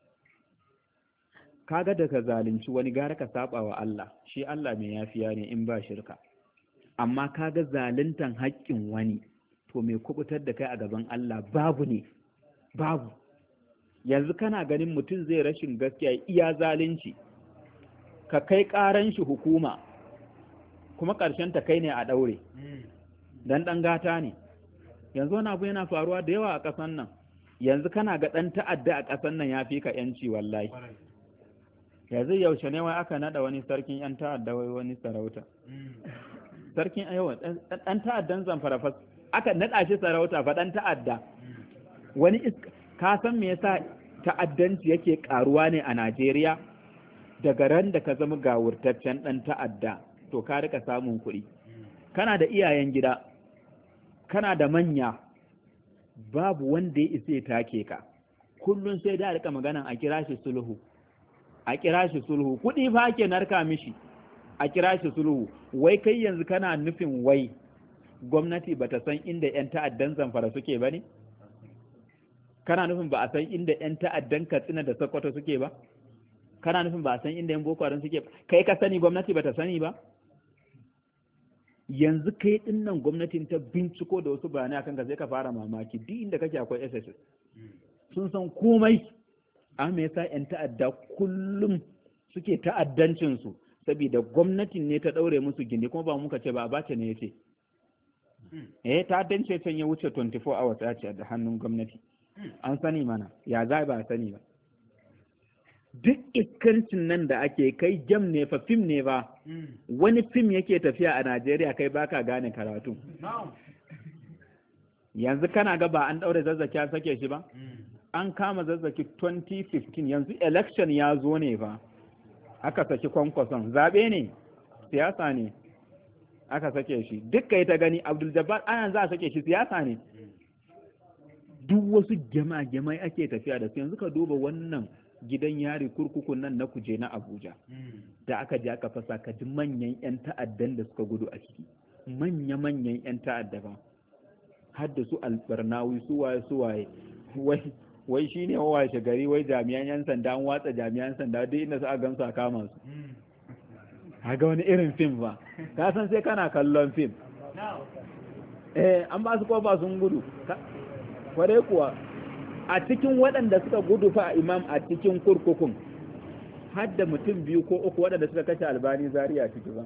kaga da ka zalunci wani gara ka saba wa Allah shi Allah mai yafiya ne in ba shirka amma ka ga zaluntan haƙƙin wani to mai kubutar da kai a gaban Allah babu ne babu yanzu kana ganin mutum zai rashin gaskiya iya zalunci ka kai ƙaran shi hukuma kuma ƙarshen ta kai ne a ɗaure hmm. dan ɗan gata ne yanzu wani abu yana faruwa da yawa a ƙasan nan yanzu kana ga ɗan ta'adda a ƙasan nan ya fi ka ‘yanci wallahi yanzu yaushe ne wai aka naɗa wani sarkin ‘yan ta'adda wai wani sarauta hmm. sarkin eh, yawa ɗan ta'addan zamfara fa aka naɗa shi sarauta fa ɗan ta'adda hmm. wani ka san me yasa ta'addanci yake ƙaruwa ne a Najeriya daga ran da ka zama gawurtaccen ɗan ta'adda to ka rika samun kuɗi kana da iyayen gida kana da manya babu wanda ya isa ya take ka kullum sai da rika magana a kira shi sulhu a kira shi sulhu kuɗi fa ake narka mishi a kira shi sulhu wai kai yanzu kana nufin wai gwamnati bata san inda 'yan ta'addan zamfara suke ba ne kana nufin ba a san inda 'yan ta'addan katsina da sokoto suke ba kana nufin ba a san inda 'yan boko suke ba kai ka sani gwamnati bata sani ba yanzu kai din nan gwamnatin ta binciko da wasu bayanai akan ka sai ka fara mamaki duk inda kake akwai SSS sun san komai amma me yasa yan ta'adda kullum suke ta'addancin su saboda gwamnatin ne ta ɗaure musu gini, kuma ba muka ce ba abace ne yace hmm. eh ta'addance can ya wuce 24 hours a ce da hannun gwamnati hmm. an sani mana ya za ba sani ba duk ikkancin nan da ake kai jam ne fa fim ne ba hmm. wani fim yake tafiya a Najeriya kai baka gane karatu yanzu kana ga ba an daure zazzaki an sake shi ba hmm. an kama zazzaki 2015 yanzu election ya zo ne fa aka saki kwankwason zaɓe ne siyasa ne aka sake shi duk yi ta gani abdul jabbar ana za a sake shi siyasa ne hmm. duk wasu gyama-gyamai ake tafiya da su yanzu ka duba wannan gidan yari kurkukun nan na kuje na abuja hmm. da aka je aka fasa ka ji manyan 'yan ta'addan da suka gudu a ciki manya-manyan 'yan ta'adda ba har da su albarnawi su waye su waye wai shi ne washe gari wai jami'an 'yan sanda an watsa jami'an sanda duk inda su a gamsu a kama su hmm. ga wani irin fim ba ka san sai kana kallon fim eh an ba su ko ba sun gudu kwarai kuwa a cikin waɗanda suka gudu fa a imam a cikin kurkukun har da mutum biyu ko uku waɗanda suka kashe albani zariya ciki ba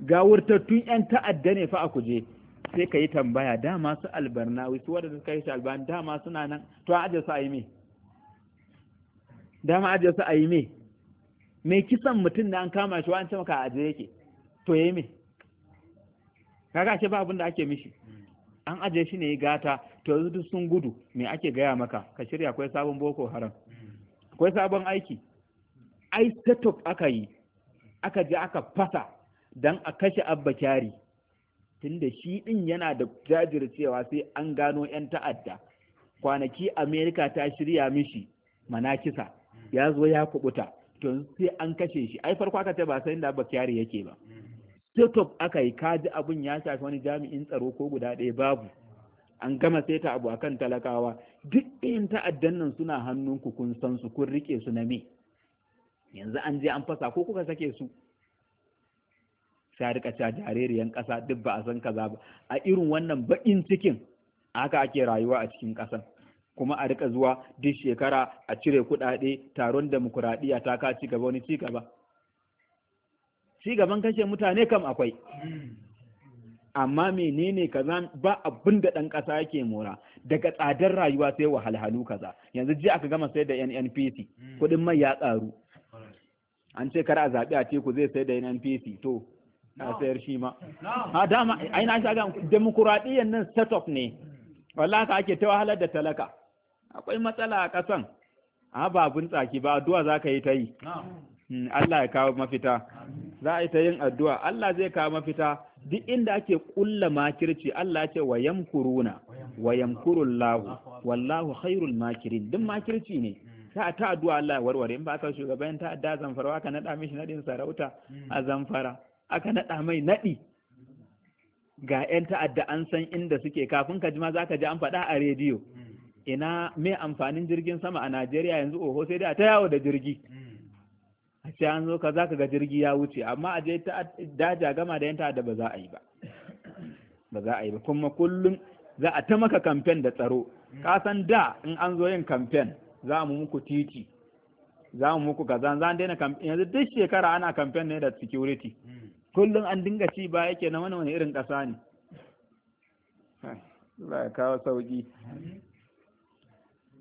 ga wurtattun 'yan ta'adda ne fa a kuje sai ka yi tambaya dama su albarnawi su waɗanda suka kashe albani dama suna nan to a ajiyar su a yi me dama ajiye su a yi me mai kisan mutum da an kama shi wa an ce maka a ajiyar yake to ya yi me kaga ce ba abin da ake mishi an ajiye shi ne gata to yanzu duk sun gudu me ake gaya maka ka shirya akwai sabon boko haram akwai sabon aiki ai setup aka yi aka je aka fasa dan a kashe abba kyari tunda shi din yana da jajircewa sai an gano yan ta'adda kwanaki america ta shirya mishi manakisa ya zo ya kubuta to sai an kashe shi ai farko aka ce ba sai da abba kyari yake ba setup aka yi kaji abun ya shafi wani jami'in tsaro ko guda ɗaya babu an gama saita abu akan talakawa duk ɗayan ta'addan nan suna hannunku kun san su kun rike su na me yanzu an je an fasa ko kuka sake su sai rika ca jaririyan ƙasa duk ba a san kaza ba a irin wannan baƙin cikin haka ake rayuwa a cikin ƙasan kuma a rika zuwa duk shekara a cire kuɗaɗe taron demokuraɗiyya ta ka ci gaba wani ci gaba ci gaban kashe mutane kam akwai amma menene kaza ba abin da ɗan ƙasa yake mora daga tsadar rayuwa sai wahalhalu kaza yanzu ji aka gama sai da NNPC kuɗin mai ya ƙaru an ce kar a zaɓi a teku zai sai da NNPC to a sayar shi ma ha dama ai na shaga nan setup ne wallahi ka ake ta wahalar da talaka akwai matsala a kasan a ba tsaki ba addu'a za ka yi ta yi Mm, Allah ya kawo mafita za a yi ta yin addu'a Allah zai kawo mafita duk inda ake kulla makirci Allah ce wa yamkuruna wa yamkurullahu wallahu khairul makirin duk makirci ne a ta addu'a Allah ya warware in ba ka shugaban ta adda zamfara aka nada mishi nadin sarauta a zamfara aka nada mai nadi ga yan ta'adda an san inda suke kafin ka ji ma zaka ji an faɗa a rediyo ina mai amfanin jirgin sama a Najeriya yanzu oho sai da ta yawo da jirgi a ce an zo ka za ka ga jirgi ya wuce amma a je ta daja gama da yanta da ba za a yi ba ba za a yi ba kuma kullum za a ta maka kamfen da tsaro ka san da in an zo yin kamfen za mu muku titi za mu muku kaza za daina kamfen yanzu duk shekara ana kamfen ne da security kullum an dinga ci ba yake na wani wani irin ƙasa ne Allah ya kawo sauki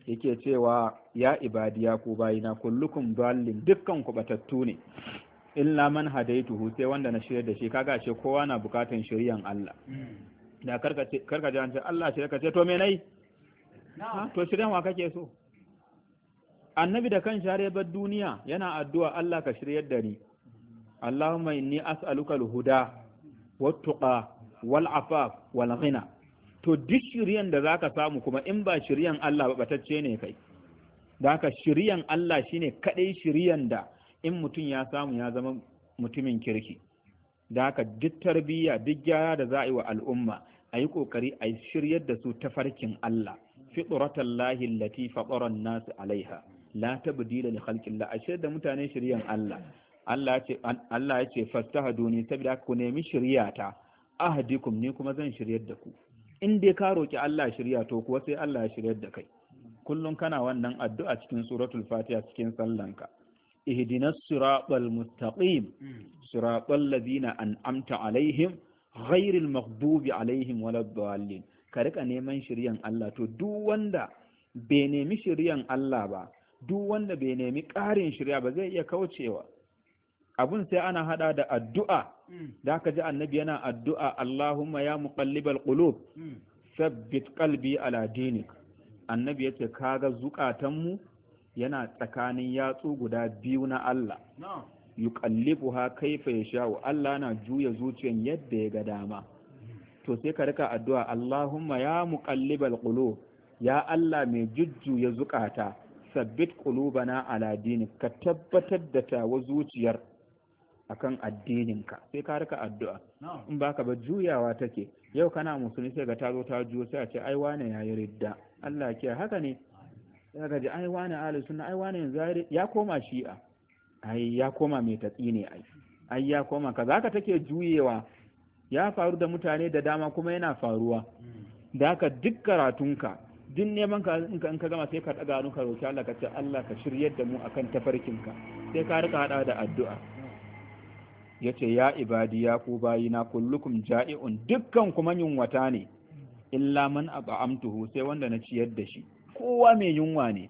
yake cewa ya ibadiya ku bayina kullukum dallin dukkan ku batattu ne illa man hadaituhu sai wanda na shirya da shi kaga ce kowa na bukatan shiryan Allah da karka ji an Allah shirya kace ce to me nayi to shiryan wa kake so annabi da kan share bar duniya yana addu'a Allah ka shiryar da ni Allahumma inni as'aluka al-huda wat-tuqa wal-afaf wal-ghina to duk shiryan da zaka samu kuma in ba shiryan Allah ba batacce ne kai da haka shiryan Allah shine kadai shiryan da in mutum ya samu ya zama mutumin kirki da haka duk tarbiyya duk gyara da za a yi wa al'umma a yi kokari a shiryar da su ta farkin Allah fitratallahi Lahi fatara an-nas alaiha la tabdila li A ashe da mutane shiryan Allah Allah ya ce Allah ya ce fastahaduni saboda ku nemi shiryata ahdikum ni kuma zan shiryar da ku in dai ka roki Allah shirya to kuwa sai Allah ya shiryar da kai kullum kana wannan addu'a cikin suratul fatiha cikin sallanka ihdinas siratal mustaqim siratal ladina an'amta alaihim ghairil maghdubi alaihim waladdallin ka rika neman shiryan Allah to duk wanda bai nemi shiryan Allah ba duk wanda bai nemi ƙarin shirya ba zai iya kaucewa abun sai ana hada da addu'a da ka ji annabi yana addu'a Allahumma ya muqallibal qulub sabbit qalbi ala dinik annabi yace kaga zukatanmu yana tsakanin yatsu guda biyu na Allah yuqallibuha kaifa sha'u. Allah na juya zuciyan yadda ya ga dama to sai ka rika addu'a Allahumma ya muqallibal qulub ya Allah mai jujjuya zukata sabbit qulubana ala dinik ka tabbatar da tawa zuciyar akan addininka sai ka rika addu'a in baka ba juyawa take yau kana musulmi sai ga ta zo ta juyo sai a ce ai wane ya yi ridda Allah ke haka ne Ya ga ji ai wane ahlus sunna ai wane yanzu ya koma shi'a ai ya koma mai tatsi ne ai ai ya koma kaza haka take juyewa ya faru da mutane da dama kuma yana faruwa da haka duk karatunka duk neman ka in ka gama sai ka daga hannu ka roki Allah ka ce Allah ka shiryar da mu akan tafarkinka sai ka rika hada da addu'a yace ya ibadi ya ku bayina kullukum ja'i'un dukkan kuma yunwata ne illa man at'amtuhu sai wanda na ciyar da shi kowa mai yunwa ne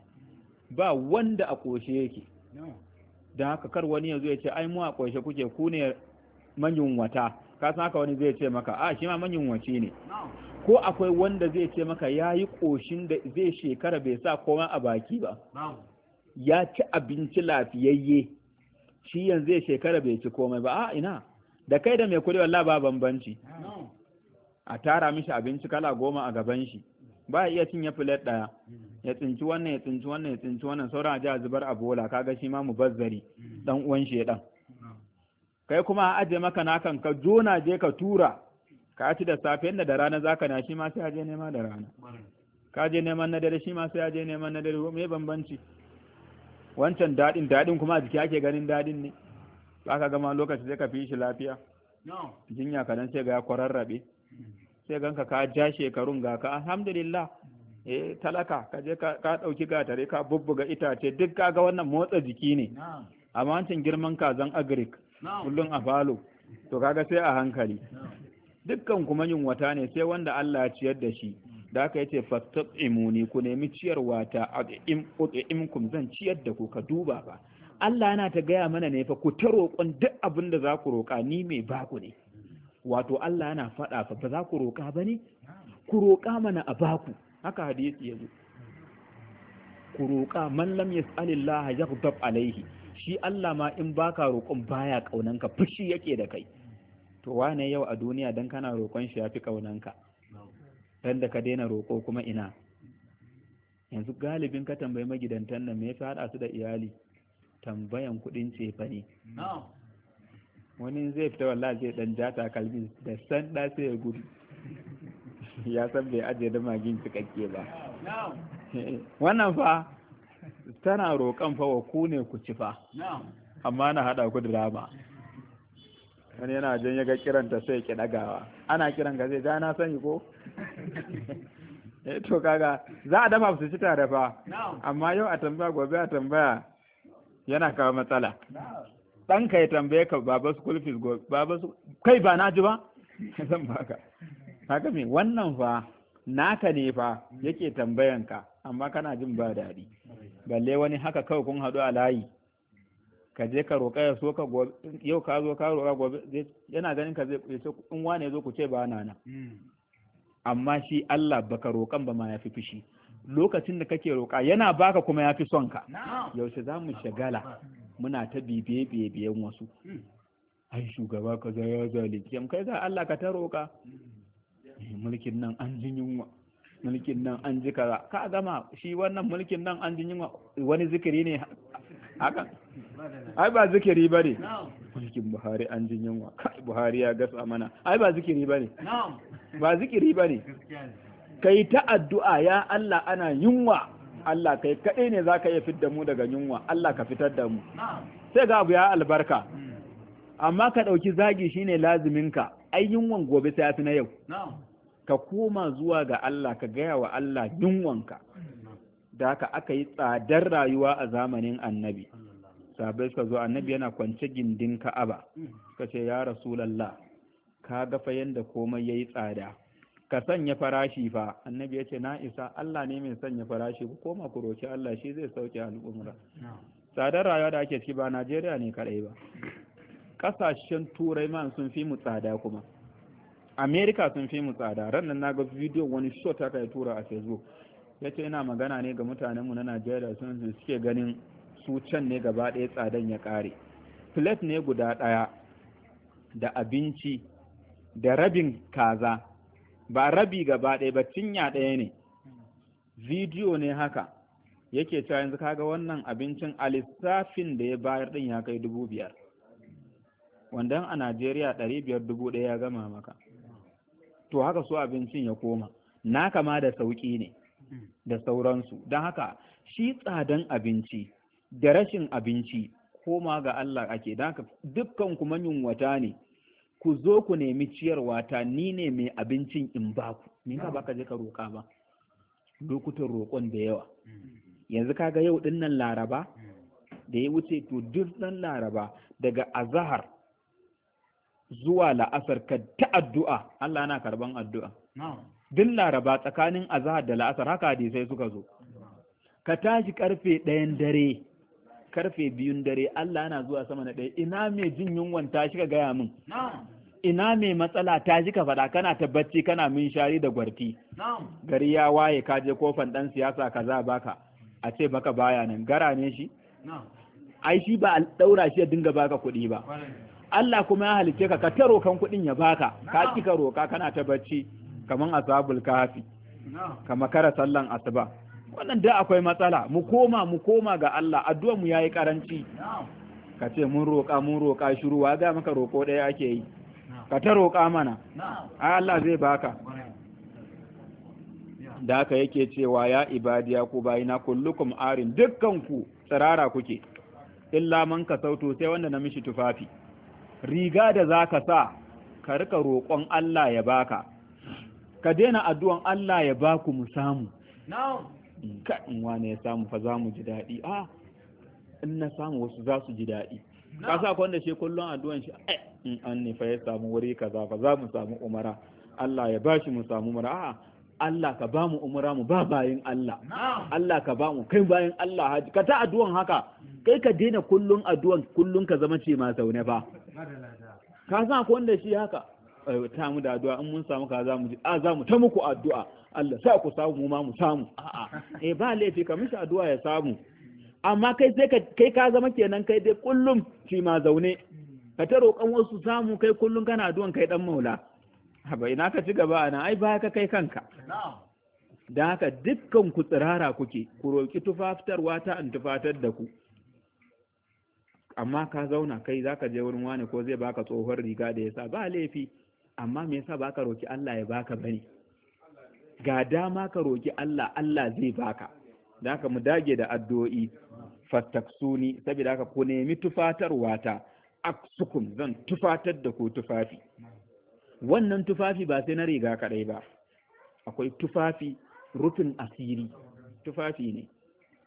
ba wanda a koshe yake da haka kar wani yazo ya ce ai mu a koshe kuke ku ne manyunwata ka san haka wani zai ce maka a ah, shi ma manyunwaci ne ko akwai wanda zai ce maka ya yi koshin da zai shekara bai sa koma a baki ba ya ci abinci lafiyayye shi yanzu ya shekara bai ci komai ba a ina da kai da mai kuɗi wallahi ba bambanci a tara mishi abinci kala goma a gaban shi ba iya cinye filet ɗaya ya tsinci wannan ya tsinci wannan ya tsinci wannan sauran aje a zubar a bola kaga shi ma mu bazzari dan uwan shedan kai kuma a aje maka nakan ka jona je ka tura ka ci da safe yadda da rana zaka na shi ma sai aje nema da rana ka je neman na dare shi ma sai aje neman na dare me bambanci wancan daɗin daɗin kuma a jiki ake ganin daɗin ne ba ka gama lokaci sai ka fi shi lafiya jinya kadan sai ga ya kwararrabe sai ganka ka ja shekarun ga ka alhamdulillah eh talaka ka je ka ɗauki gatare ka bubbuga itace duk kaga wannan motsa jiki ne amma wancan girman kazan agric kullum a falo to kaga sai a hankali dukkan kuma yin wata ne sai wanda Allah ya ciyar da shi da aka yace muni ku nemi ciyarwa ta in utimkum zan ciyar da ku ka duba ba Allah yana ta gaya mana ne fa ku ta roƙon duk abin da za ku roƙa ni mai baku ne wato Allah yana faɗa fa ba za ku roƙa ba ne ku roƙa mana a baku haka hadisi yazo ku roƙa man lam yas'alillah yaghdab alaihi shi Allah ma in baka roƙon baya ƙaunanka fushi yake da kai to wane yau a duniya dan kana roƙon shi yafi ƙaunanka randa ka daina roƙo kuma ina yanzu galibin ka tambayi magidantan nan me yafi haɗa su da iyali tambayan kuɗin cefa ne wani zai fita wallahi zai dan ja takalmin da san da sai ya gudu ya san bai ajiye da magin cikakke ba wannan fa tana roƙon fa wa ku ne ku ci fa amma na haɗa ku da dama wani yana jan ya ga kiranta sai ki ɗagawa ana kiran ka zai na sani ko eh, to kaga za a dafa su ci tare fa amma yau a tambaya gobe a tambaya yana kawo matsala Dan kai tambaye ka baba su kulfis gobe baba su kai ba na ji ba zan baka haka me wannan fa naka ne fa yake tambayan ka amma kana jin ba daɗi balle wani haka kawai kun hadu a layi ka je ka roƙa ya so ka gobe yau ka zo ka roƙa gobe yana ganin ka zai ce in wane zo ku ce ba na nan hmm. amma shi Allah baka roƙan ba ma ya fi fushi lokacin da kake roƙa yana baka kuma ya fi son ka yaushe za mu shagala muna ta bibiye bibiyen wasu hmm. ai shugaba za ya zalunci am kai za Allah ka ta roƙa hmm. eh, mulkin nan an jin yunwa mulkin nan an ji kaza ka gama shi wannan mulkin nan an jin yunwa wani zikiri ne haka ai ba zikiri ba ne mulkin buhari an jin yunwa kai buhari ya gasa mana ai ba zikiri ba ne ba zikiri ba ne kai ta addu'a ya Allah ana yunwa Allah kai kaɗai ne za ka iya fidda mu daga yunwa Allah ka fitar da mu sai ga abu ya albarka hmm. amma ka ɗauki zagi shine laziminka ai yunwan gobe ta fi na yau ka koma zuwa ga Allah ka gaya wa Allah yunwanka hmm. da haka aka yi tsadar rayuwa a zamanin annabi sahabai suka zo annabi yana kwance gindin ka'aba mm. suka ce ya rasulallah ka ga fa yanda komai yayi tsada ka sanya farashi fa annabi yace ce na isa Allah ne mai sanya farashi ku koma ku roki Allah shi zai sauke al'umma tsadar rayuwa da ake ciki ba Najeriya ne kadai ba kasashen turai ma sun fi mu tsada kuma Amerika sun fi mu tsada ran nan naga video wani shot haka ya tura a Facebook yace ina magana ne ga mutanenmu na Najeriya sun suke ganin su can ne gaba ɗaya tsadan ya ƙare plate ne guda ɗaya da abinci da rabin kaza ba rabi gaba ɗaya ba cinya ɗaya ne vidiyo ne haka yake cewa yanzu kaga wannan abincin a lissafin da ya bayar ɗin ya kai dubu biyar wandan a najeriya ɗari biyar dubu ɗaya ya gama maka to haka so abincin ya koma na kama da sauƙi ne da sauransu don haka shi tsadan abinci da rashin abinci koma ga Allah ake don dukkan kuma yunwata ne ku zo ku nemi ciyarwa ta ni ne mai abincin in baku. ku ni ba baka je ka roƙa ba lokutan roƙon da yawa yanzu kaga yau din nan laraba da ya wuce to duk nan laraba daga azahar zuwa la'asar ka ta addu'a Allah yana karban addu'a Din laraba tsakanin azahar da la'asar haka sai suka zo ka tashi karfe ɗayan dare karfe biyun dare Allah yana zuwa sama na ɗaya ina mai jin yunwan ta shi gaya min ina mai matsala ta shi ka faɗa kana tabbaci kana min shari da gwarti gari ya waye ka je kofan ɗan siyasa ka za baka a ce baka baya nan gara ne shi ai shi ba a ɗaura shi ya dinga baka kuɗi ba Allah kuma ya halice ka ka ta rokan kuɗin ya baka ka ki ka roka kana ta bacci kaman asabul kafi ka makara sallan asuba wannan da akwai matsala mu koma mu koma ga Allah addu'a mu yayi karanci ka ce mun roƙa mun roƙa shiru wa ga maka roƙo ɗaya ake yi ka ta roƙa mana ai Allah zai baka da haka yake cewa ya ibadiya ku bayina kullukum arin dukkan ku tsirara kuke illa man ka sauto sai wanda na mishi tufafi riga da zaka sa ka rika roƙon Allah ya baka ka daina addu'an Allah ya baku mu samu Mm. ka in wane ya samu fa za mu ji daɗi a in na samu wasu za su ji daɗi ka sa wanda shi kullum addu'an shi eh, in an ne fa ya samu wuri kaza fa za mu samu umara Allah ya bashi mu samu umara a Allah ka ba mu umara mu ba bayin Allah Allah ka ba mu kai bayin Allah haji ka ta addu'an haka kai ka daina kullum addu'an kullum ka zama ce ma zaune ba ka sa wanda shi haka Eh, ta mu da addu'a in mun samu ka za mu ji a za mu ta muku addu'a Allah sa ku samu ma mu samu a'a eh ba laifi ka mishi addu'a ya samu amma kai sai kai ka zama kenan kai dai kullum shi ma zaune ka ta roƙon wasu samu kai kullum kana addu'an kai dan maula haba ina ka ci gaba ana ai baya ka kai kanka da haka dukkan ku tsirara kuke ku roƙi tufafitarwa ta an tufatar da ku amma ka zauna kai zaka je wurin wani ko zai baka tsohon riga da yasa ba laifi amma me yasa baka roki Allah ya baka bane ga dama ka roki Allah Allah zai baka da haka mu dage da addu'o'i fattaksuni saboda haka ku nemi tufatarwa ta aksukum zan tufatar da ku tufafi wannan tufafi ba sai na riga kadai ba akwai tufafi rufin asiri tufafi ne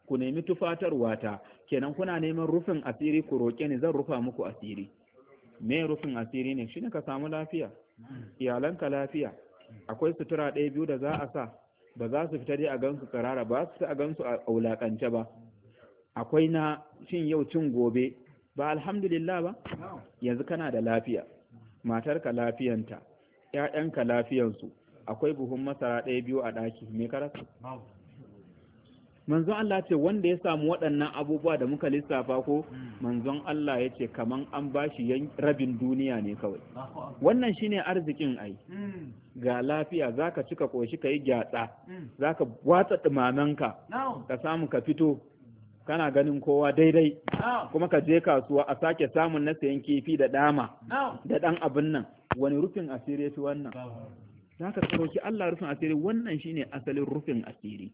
ku nemi tufatarwa ta kenan kuna neman rufin asiri ku roke ni zan rufa muku asiri me rufin asiri ne shine ka samu lafiya iyalanka lafiya akwai sutura ɗaya biyu da za a sa ba za su fita dai a gansu tsirara ba su a gansu a wulaƙance ba akwai na cin yau cin gobe ba alhamdulillah ba yanzu kana da lafiya matarka lafiyanta ƴaƴanka lafiyansu akwai buhun masara ɗaya biyu a ɗaki me ka manzon Allah ce wanda ya samu waɗannan abubuwa da muka lissafa ko manzon Allah ya ce kaman an ba shi rabin duniya ne kawai wannan shine arzikin ai ga lafiya zaka cika koshi kai gyatsa zaka watsa dumamanka ka samu ka fito kana ganin kowa daidai kuma ka je kasuwa a sake samun na sayan kifi da dama da dan abin nan wani rufin asiri ya wannan zaka ka Allah rufin asiri wannan shine asalin rufin asiri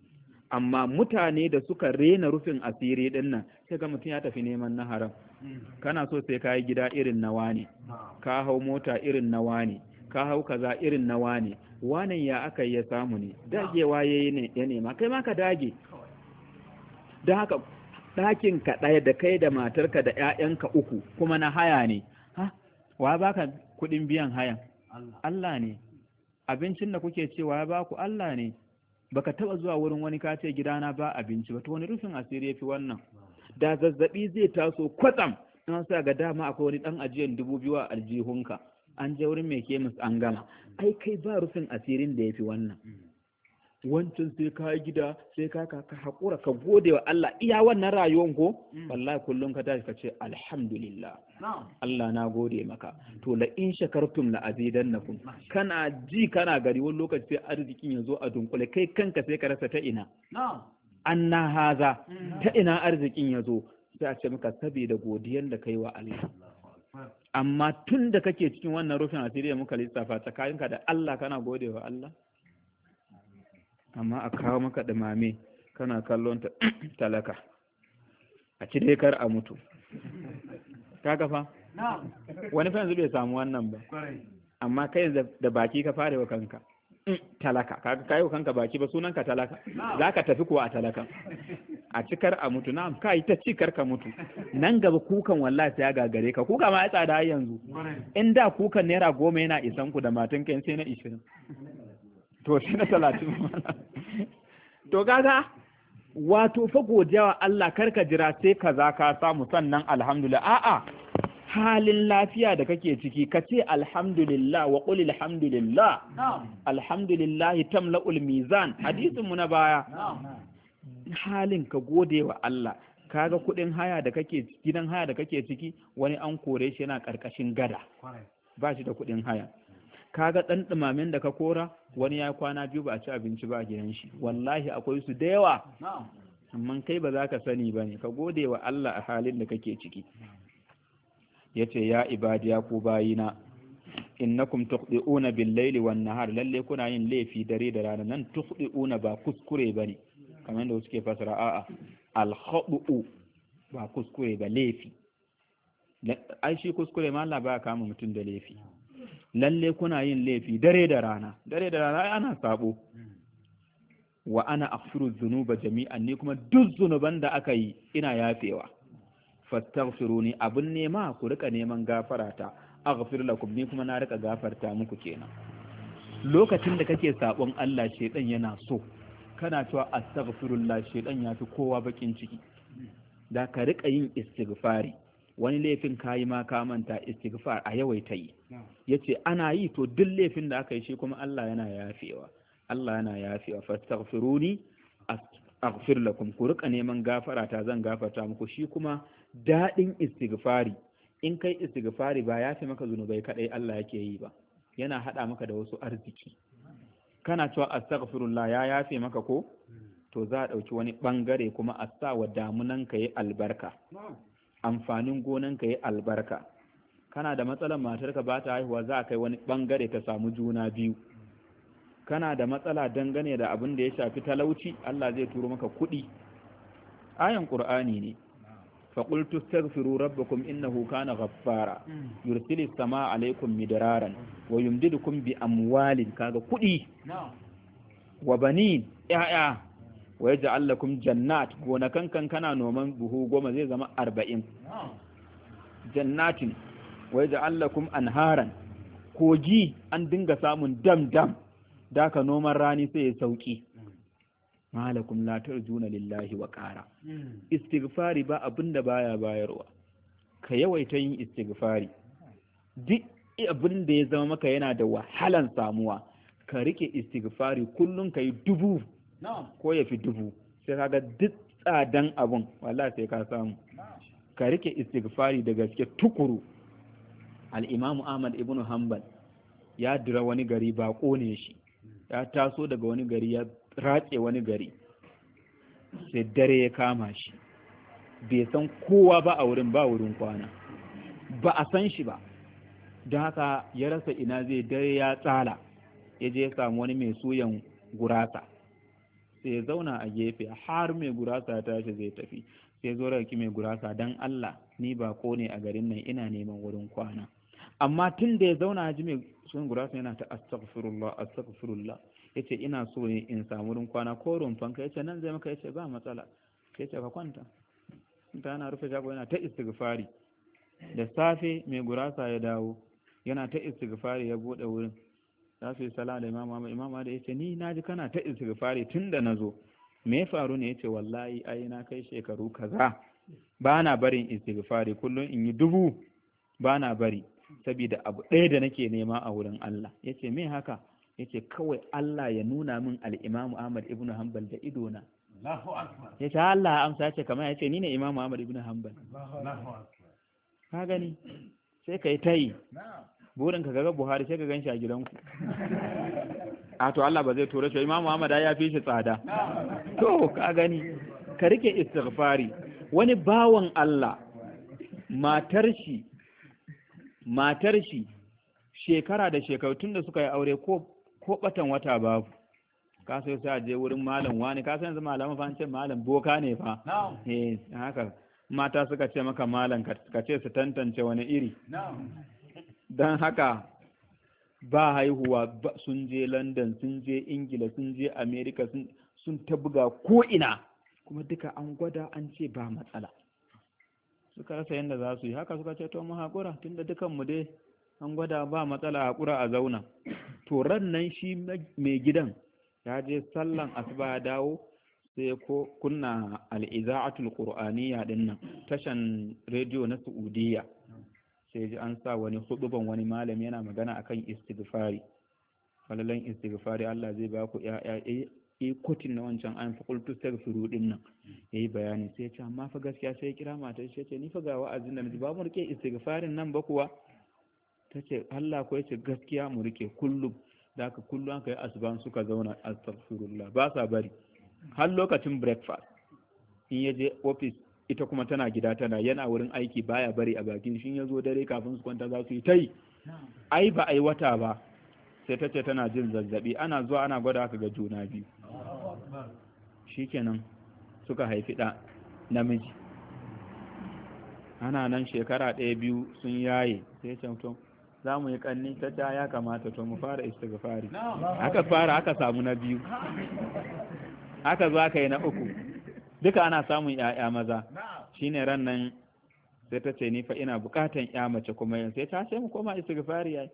amma mutane da suka rena rufin asiri din nan sai ga mutum ya tafi neman na haram kana so sai ka yi gida irin na wani. ka hau mota irin na wani. ka hau kaza irin na wani. wanan ya aka yi ya samu ne dagewa ya yi ne ya nema kai ma ka dage don haka ɗakin ka ɗaya da kai da matarka da ƴaƴanka uku kuma na haya ne ha wa baka kuɗin biyan hayan Allah ne abincin da kuke cewa ya baku Allah ne baka taba zuwa wurin wani ka ce gidana ba abinci ba to wani rufin asiri yafi wannan da zazzabi zai taso kwatsam in sa ga dama akwai wani dan ajiyan dubu biyu a aljihunka an je wurin mai kemis an gama ai kai ba rufin asirin da yafi wannan wancan sai ka gida sai ka ka hakura ka gode wa Allah iya wannan rayuwan ko mm. wallahi kullum ka tashi ka ce alhamdulillah Allah na gode maka to la in shakartum la azidannakum kana ji kana gari wani lokaci sai arzikin yazo a dunkule kai kanka sai ka rasa ta ina anna haza mm. ta ina arzikin yazo zo sai a ce maka saboda godiyar da kai wa Allah amma tun da kake cikin wannan rufin asiri muka lissafa ka da Allah kana gode wa Allah amma a kawo maka ɗumame kana kallon talaka a ci dai kar a mutu kaga kafa wani fa yanzu bai samu wannan ba amma kai da baki ka fara wa kanka mm, talaka kaga kai wa kanka baki ba sunan ka talaka zaka tafi kuwa a talaka a cikar a mutu na'am kai ta cikar ka mutu nan gaba kukan wallahi sai ya gagare ka kuka ma ya tsada yanzu in da kukan naira goma yana isan ku da matan kai sai na ishirin to shi na talatin to gaza wato fa wa Allah karka jira sai kaza ka samu sannan alhamdulillah a'a halin lafiya da kake ciki ka ce alhamdulillah wa qul alhamdulillah alhamdulillah tamla'ul mizan hadisin mu na baya halin ka godewa Allah kaga kudin haya da kake gidan haya da kake ciki wani an kore shi yana karkashin gada ba shi da kudin haya kaga ɗan ɗumamin da ka kora wani ya kwana biyu ba a ci abinci ba a gidan shi wallahi akwai su da yawa amma kai ba za ka sani ba ne ka gode wa Allah a halin da kake ciki ya ce ya ibadiya ku bayina innakum tuqdi'una bil laili wan har lalle kuna yin laifi dare da rana nan tuqdi'una ba kuskure ne kamar da suke fasara a'a al khadu ba kuskure ba laifi ai shi kuskure ma Allah ba kama mutum da laifi lalle kuna yin laifi dare da rana dare da rana ana sabo wa ana aghfiru dhunuba jami'an ni kuma duk zunuban da aka yi ina yafewa fastaghfiruni abun nema ku rika neman gafara ta, aghfir lakum ni kuma na rika gafarta muku kenan lokacin da kake sabon Allah shedan yana so kana cewa astaghfirullah shedan yafi kowa bakin ciki da ka rika yin istighfari wani laifin ka yi ma ka manta istighfar a yawaita yi yace ana yi to duk laifin da aka yi shi kuma Allah yana yafewa Allah yana yafewa fastaghfiruni aghfir lakum ku rika neman gafara ta zan gafarta muku shi kuma dadin istighfari in kai istighfari ba yafe maka zunubai kadai Allah yake yi ba yana hada maka da wasu arziki kana cewa astaghfirullah ya yafe maka ko hmm. to za a dauki wani bangare kuma a sa wa damunan ka yi albarka amfanin gonanka ya albarka kana da matsalar matarka ba ta haihuwa za a kai wani bangare ta samu juna biyu kana da matsala dangane da abin da ya shafi talauci Allah zai turo maka kuɗi ayan qur'ani ne فقلت استغفروا ربكم إنه كان غفارا يرسل Wa عليكم مدرارا ويمددكم بأموال kaga kuɗi. Wa يا yaya? wa yaj'al lakum jannat gonakan kan kana noman buhu goma zai zama arba'in jannatin wa yaj'al lakum anharan kogi an dinga samun dam dam da ka noman rani sai ya sauki malakum la tarjuna lillahi wa qara istighfari ba abinda baya bayarwa ka yawaita yin istighfari duk abinda ya zama maka yana da wahalan samuwa ka rike istighfari kullum ka yi dubu ko ya fi dubu sai kaga duk tsadan abun wallahi sai ka samu ka rike istighfari da gaske tukuru al-imamu Ahmad ibnu Hanbal ya dira wani gari ba ne shi ya taso daga wani gari ya ratse wani gari sai dare ya kama shi bai san kowa ba a wurin ba wurin kwana ba a san shi ba don haka ya rasa ina zai dare ya tsala ya je ya samu wani mai suyan gurasa sai ya zauna a gefe har mai gurasa ta tashi zai tafi sai zo raki mai gurasa dan Allah ni ba ko ne a garin nan ina neman wurin kwana amma tun da ya zauna ji mai sun gurasa yana ta astaghfirullah astaghfirullah yace ina so ne in samu wurin kwana ko ka yace nan zai maka yace ba matsala sai yace ka kwanta ta yana rufe shago yana ta istighfari da safe mai gurasa ya dawo yana ta istighfari ya bude wurin shafi sala da imam Ahmad da ya yace ni na ji kana ta istighfari na zo me ya faru ne yace wallahi ai na kai shekaru kaza ba na barin istighfari kullum in yi dubu ba na bari saboda abu ɗaya da nake nema a wurin Allah yace me haka yace kawai Allah ya nuna min al'imamu Ahmad ibn Hanbal da idona yace Allah amsa ce kamar yace ni ne imamu Ahmad ibn Hanbal ka gani sai kai ta yi. burin ka ga Buhari sai ka gan shi a gidanku a to Allah ba zai tura shi Imam Muhammad ya fi shi tsada to ka gani ka rike istighfari wani bawan Allah matar shi matar shi shekara da shekaru tun da suka yi aure ko ko batan wata babu ka sai sai je wurin malam wani ka san yanzu malamin fa ce malam boka ne fa eh haka mata suka ce maka malam ka ce su tantance wani iri don haka ba haihuwa sun je london sun je ingila sun je america sun ta buga ko'ina kuma duka an gwada an ce ba matsala suka rasa yadda za su yi haka suka ce to mu haƙura tunda dukanmu dai an gwada ba matsala haƙura a zauna to ran nan shi mai gidan ya je sallan asuba ya dawo sai ko kunna al'iza'atul qur'aniyya din nan tashan rediyo na Saudiya sai ji an sa wani huduban wani malam yana magana akan istighfari falalan istighfari Allah zai ba ku ya'ya kutin eh, eh, na wancan an fa qultu astaghfiru din nan yayi bayani sai ce amma fa gaskiya sai ya kira matar shi ce ni fa ga wa'azin da ba mu rike istighfarin nan ba kuwa tace Allah ko yace gaskiya mu rike kullum da ka kullum aka yi asuban suka zauna astaghfirullah ba sa bari har lokacin breakfast in ya je office ita kuma tana gida tana yana wurin aiki baya bari a bakin shi ya zo dare kafin su kwanta za su yi tai ai ba ai wata ba sai ta ce tana jin zazzabi ana zuwa ana gwada haka ga juna biyu shikenan suka haifi ɗa namiji ana nan shekara ɗaya biyu sun yaye sai can to za mu yi ƙanni ta ta ya kamata to mu fara istighfari aka fara aka samu na biyu aka zo aka yi na uku duka ana samun ‘ya'ya maza shine ran nan sai ta ce ni fa ina bukatan ya mace kuma yin sai ta ce mu koma istighfari yayi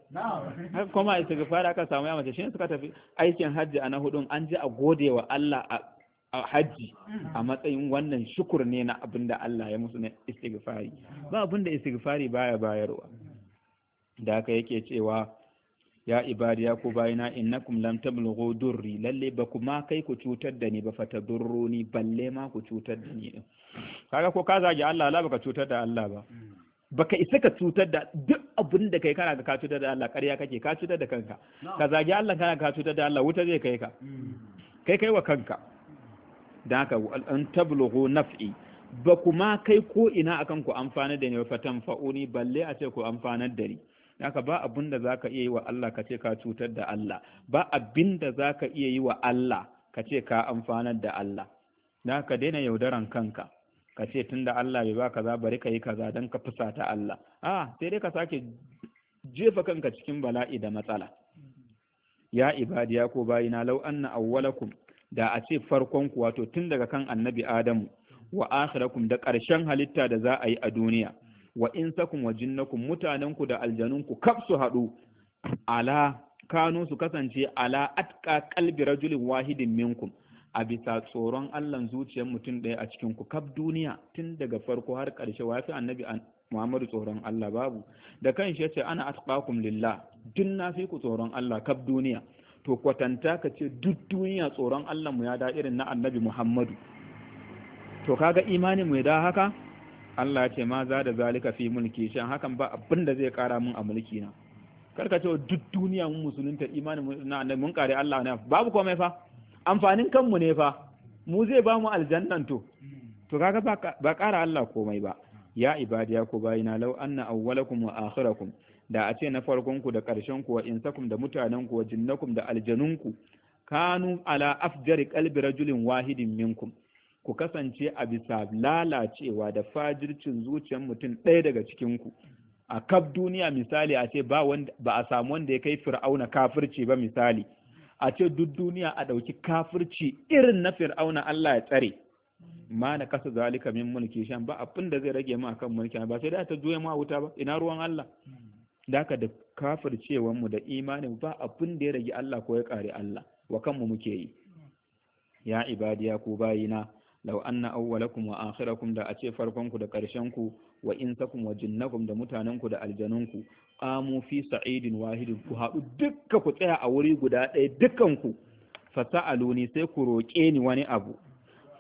haka koma istighfari aka samu ya mace ne suka tafi aikin hajji a na hudun an ji a gode wa Allah a hajji a matsayin wannan shukur ne na abin da Allah ya musu na istighfari ba abin da istighfari baya bayarwa da haka yake cewa ya ibadiya ku bayina innakum lam tablughu durri lalle ba kuma kai ku cutar da ni ba ni balle ma ku cutar da ni kaga ko ka zagi Allah la baka cutar da Allah ba mm. baka isa ka cutar da duk abun da kai kana ka cutar da Allah ƙarya kake ka cutar da kanka ka zagi Allah kana ka cutar da Allah wuta zai kai ka mm. kai kai wa kanka dan haka an tablughu naf'i ba kuma kai ko ina akan ku amfanar da ni ba fatan fa'uni balle a ce ku amfanar da ni haka ba abin da zaka iya yi wa Allah ka ce ka cutar da Allah ba abin da zaka iya yi wa Allah ka ce ka amfanar da Allah dan haka daina yaudaran kanka ka ce tun da Allah bai ba kaza bari ka yi kaza don ka fusata Allah a sai dai ka sake jefa kanka cikin bala'i da matsala ya ibadiya ko bayina lau anna awwalakum da a ce farkon ku wato tun daga kan annabi Adamu wa akhirakum da karshen halitta da za a yi a duniya wa insakum wa jinnakum mutanenku da aljanunku kaf su haɗu ala kanu su kasance ala atka kalbi rajulin wahidin minkum a bisa tsoron Allah zuciyar mutum ɗaya a cikin ku kaf duniya tun daga farko har ƙarshe wafi annabi Muhammadu tsoron Allah babu da kan shi ce ana atqakum lillah tun na fi ku tsoron Allah kaf duniya to kwatanta ka ce duk duniya tsoron Allah mu ya da irin na annabi Muhammadu to kaga imanin mu ya da haka Allah ya ce ma za da zalika fi mulki shan hakan ba abin da zai kara mun a mulki na karka ce duk duniya mun musulunta imanin na annabi mun kare Allah ne babu komai fa amfanin kanmu ne fa mu zai ba mu aljannan to hmm. to kaga ba ƙara Allah komai ba ya ibadiya ku bayina law anna awwalakum wa akhirakum da a ce na farkon ku da ƙarshen ku wa insakum da mutanen ku wa jinnakum da aljanunku kanu ala afjari qalbi rajulin wahidin minkum ku kasance a bisa lalacewa da fajircin zuciyar mutum ɗaya daga cikin ku a kaf duniya misali a ce ba wanda ba a samu wanda ya kai fir'auna kafirci ba misali a ce duk duniya a ɗauki kafirci irin na fir'auna Allah ya tsare ma na kasa zalika min mulki shan ba abin da zai rage mu akan mulki ba sai da ta juya ma wuta ba ina ruwan Allah da ka da kafircewan mu da imanin ba abin da ya rage Allah ko ya kare Allah wa kanmu muke yi ya ibadiya ku bayina law anna awwalakum wa akhirakum da a ce farkon ku da karshen ku wa insakum wa jinnakum da mutanen ku da aljanun ku qamu fi sa'idin wahidin ku haɗu dukka ku tsaya a wuri guda ɗaya dukkan ku luni sai ku roƙe ni wani abu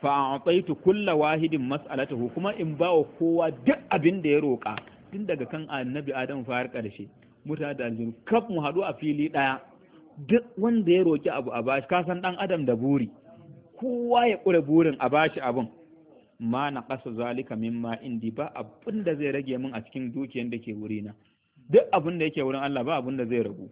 fa a'taitu kulla wahidin mas'alatahu kuma in ba wa kowa duk abin da ya roƙa tun daga kan annabi adam far ƙarshe mutane da aljinu kaf mu haɗu a fili ɗaya duk wanda ya roƙi abu a bashi ka san ɗan adam da buri kowa ya ƙure burin a bashi abin ma na ƙasa zalika mimma indi ba abin da zai rage min a cikin dukiyan da ke wurina duk abin da yake wurin Allah ba abin da zai rabu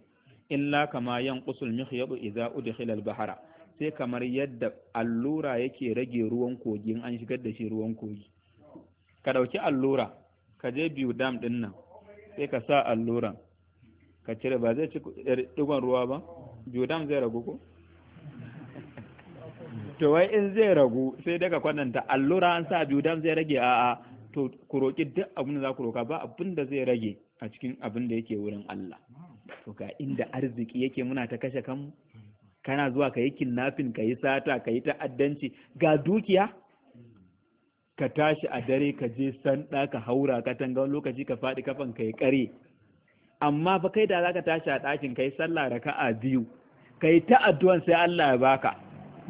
illa kama qusul mikhyadu idza udkhila al-bahra sai kamar yadda allura yake rage ruwan kogi in an shigar da shi ruwan kogi ka dauki allura ka je biyu dam din nan sai ka sa alluran ka cire ba zai ci digon er, ruwa ba biyu dam zai ragu ko to wai in zai ragu sai daga kwananta allura an sa biyu dam zai rage a'a to ku roƙi duk abin da za ku roƙa ba abin da zai rage a cikin abin da yake wurin Allah to ga inda arziki yake muna ta kashe kanmu kana zuwa ka yi kinnafin ka yi sata ka yi ta'addanci ga dukiya ka tashi a dare ka je sanda ka haura katanga wani lokaci ka faɗi kafan ka yi ƙare amma fa kai da za ka tashi a ɗakin ka yi sallah da ka'a biyu ka yi ta'addu'an sai Allah ya baka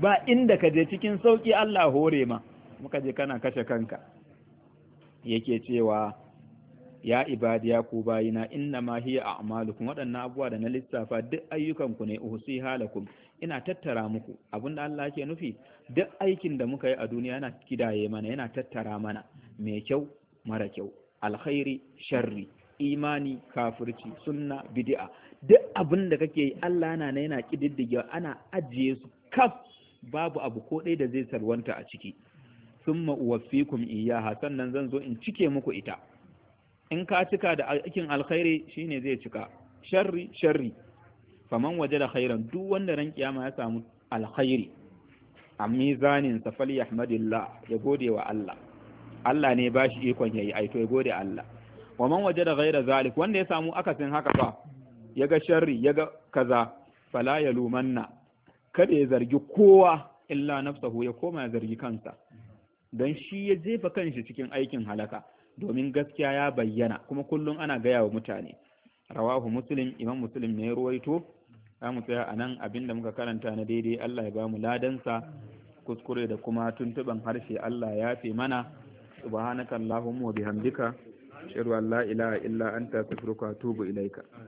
ba inda ka je cikin sauƙi Allah hore ma muka je kana kashe kanka yake cewa ya ibadi ya ku bayina inna ma hiya a'malukum waɗannan abuwa da na lissafa duk ayyukan ku ne uhsi halakum ina tattara muku abinda Allah ke nufi duk aikin da muka yi a duniya yana kidaye mana yana tattara mana Me kyau mara kyau alkhairi sharri imani kafirci sunna bid'a duk abinda kake yi Allah yana na yana kididdige ana ajiye su kaf babu abu ko dai da zai salwanta a ciki summa uwaffikum iyaha sannan zan zo in cike muku ita in ka cika da aikin alkhairi shine zai cika sharri sharri faman wajada khairan duk wanda ran kiyama ya samu alkhairi a mizanin sa Ahmadillah ya gode wa Allah Allah ne ba shi ikon yayi ai to ya gode Allah wa man wajada ghaira zalik wanda ya samu akasin haka fa yaga sharri yaga kaza fala yalumanna kada ya zargi kowa illa nafsahu ya koma ya zargi kansa don shi ya jefa kanshi cikin aikin halaka domin gaskiya ya bayyana kuma kullum ana gaya wa mutane rawahu muslim imam muslim ne ruwaito za mu tsaya a nan abin da muka karanta na daidai Allah ya ba mu ladansa kuskure da kuma tuntuban harshe Allah ya fi mana subhanakallahumma wa bihamdika ashhadu an ilaha illa anta astaghfiruka wa atubu ilaika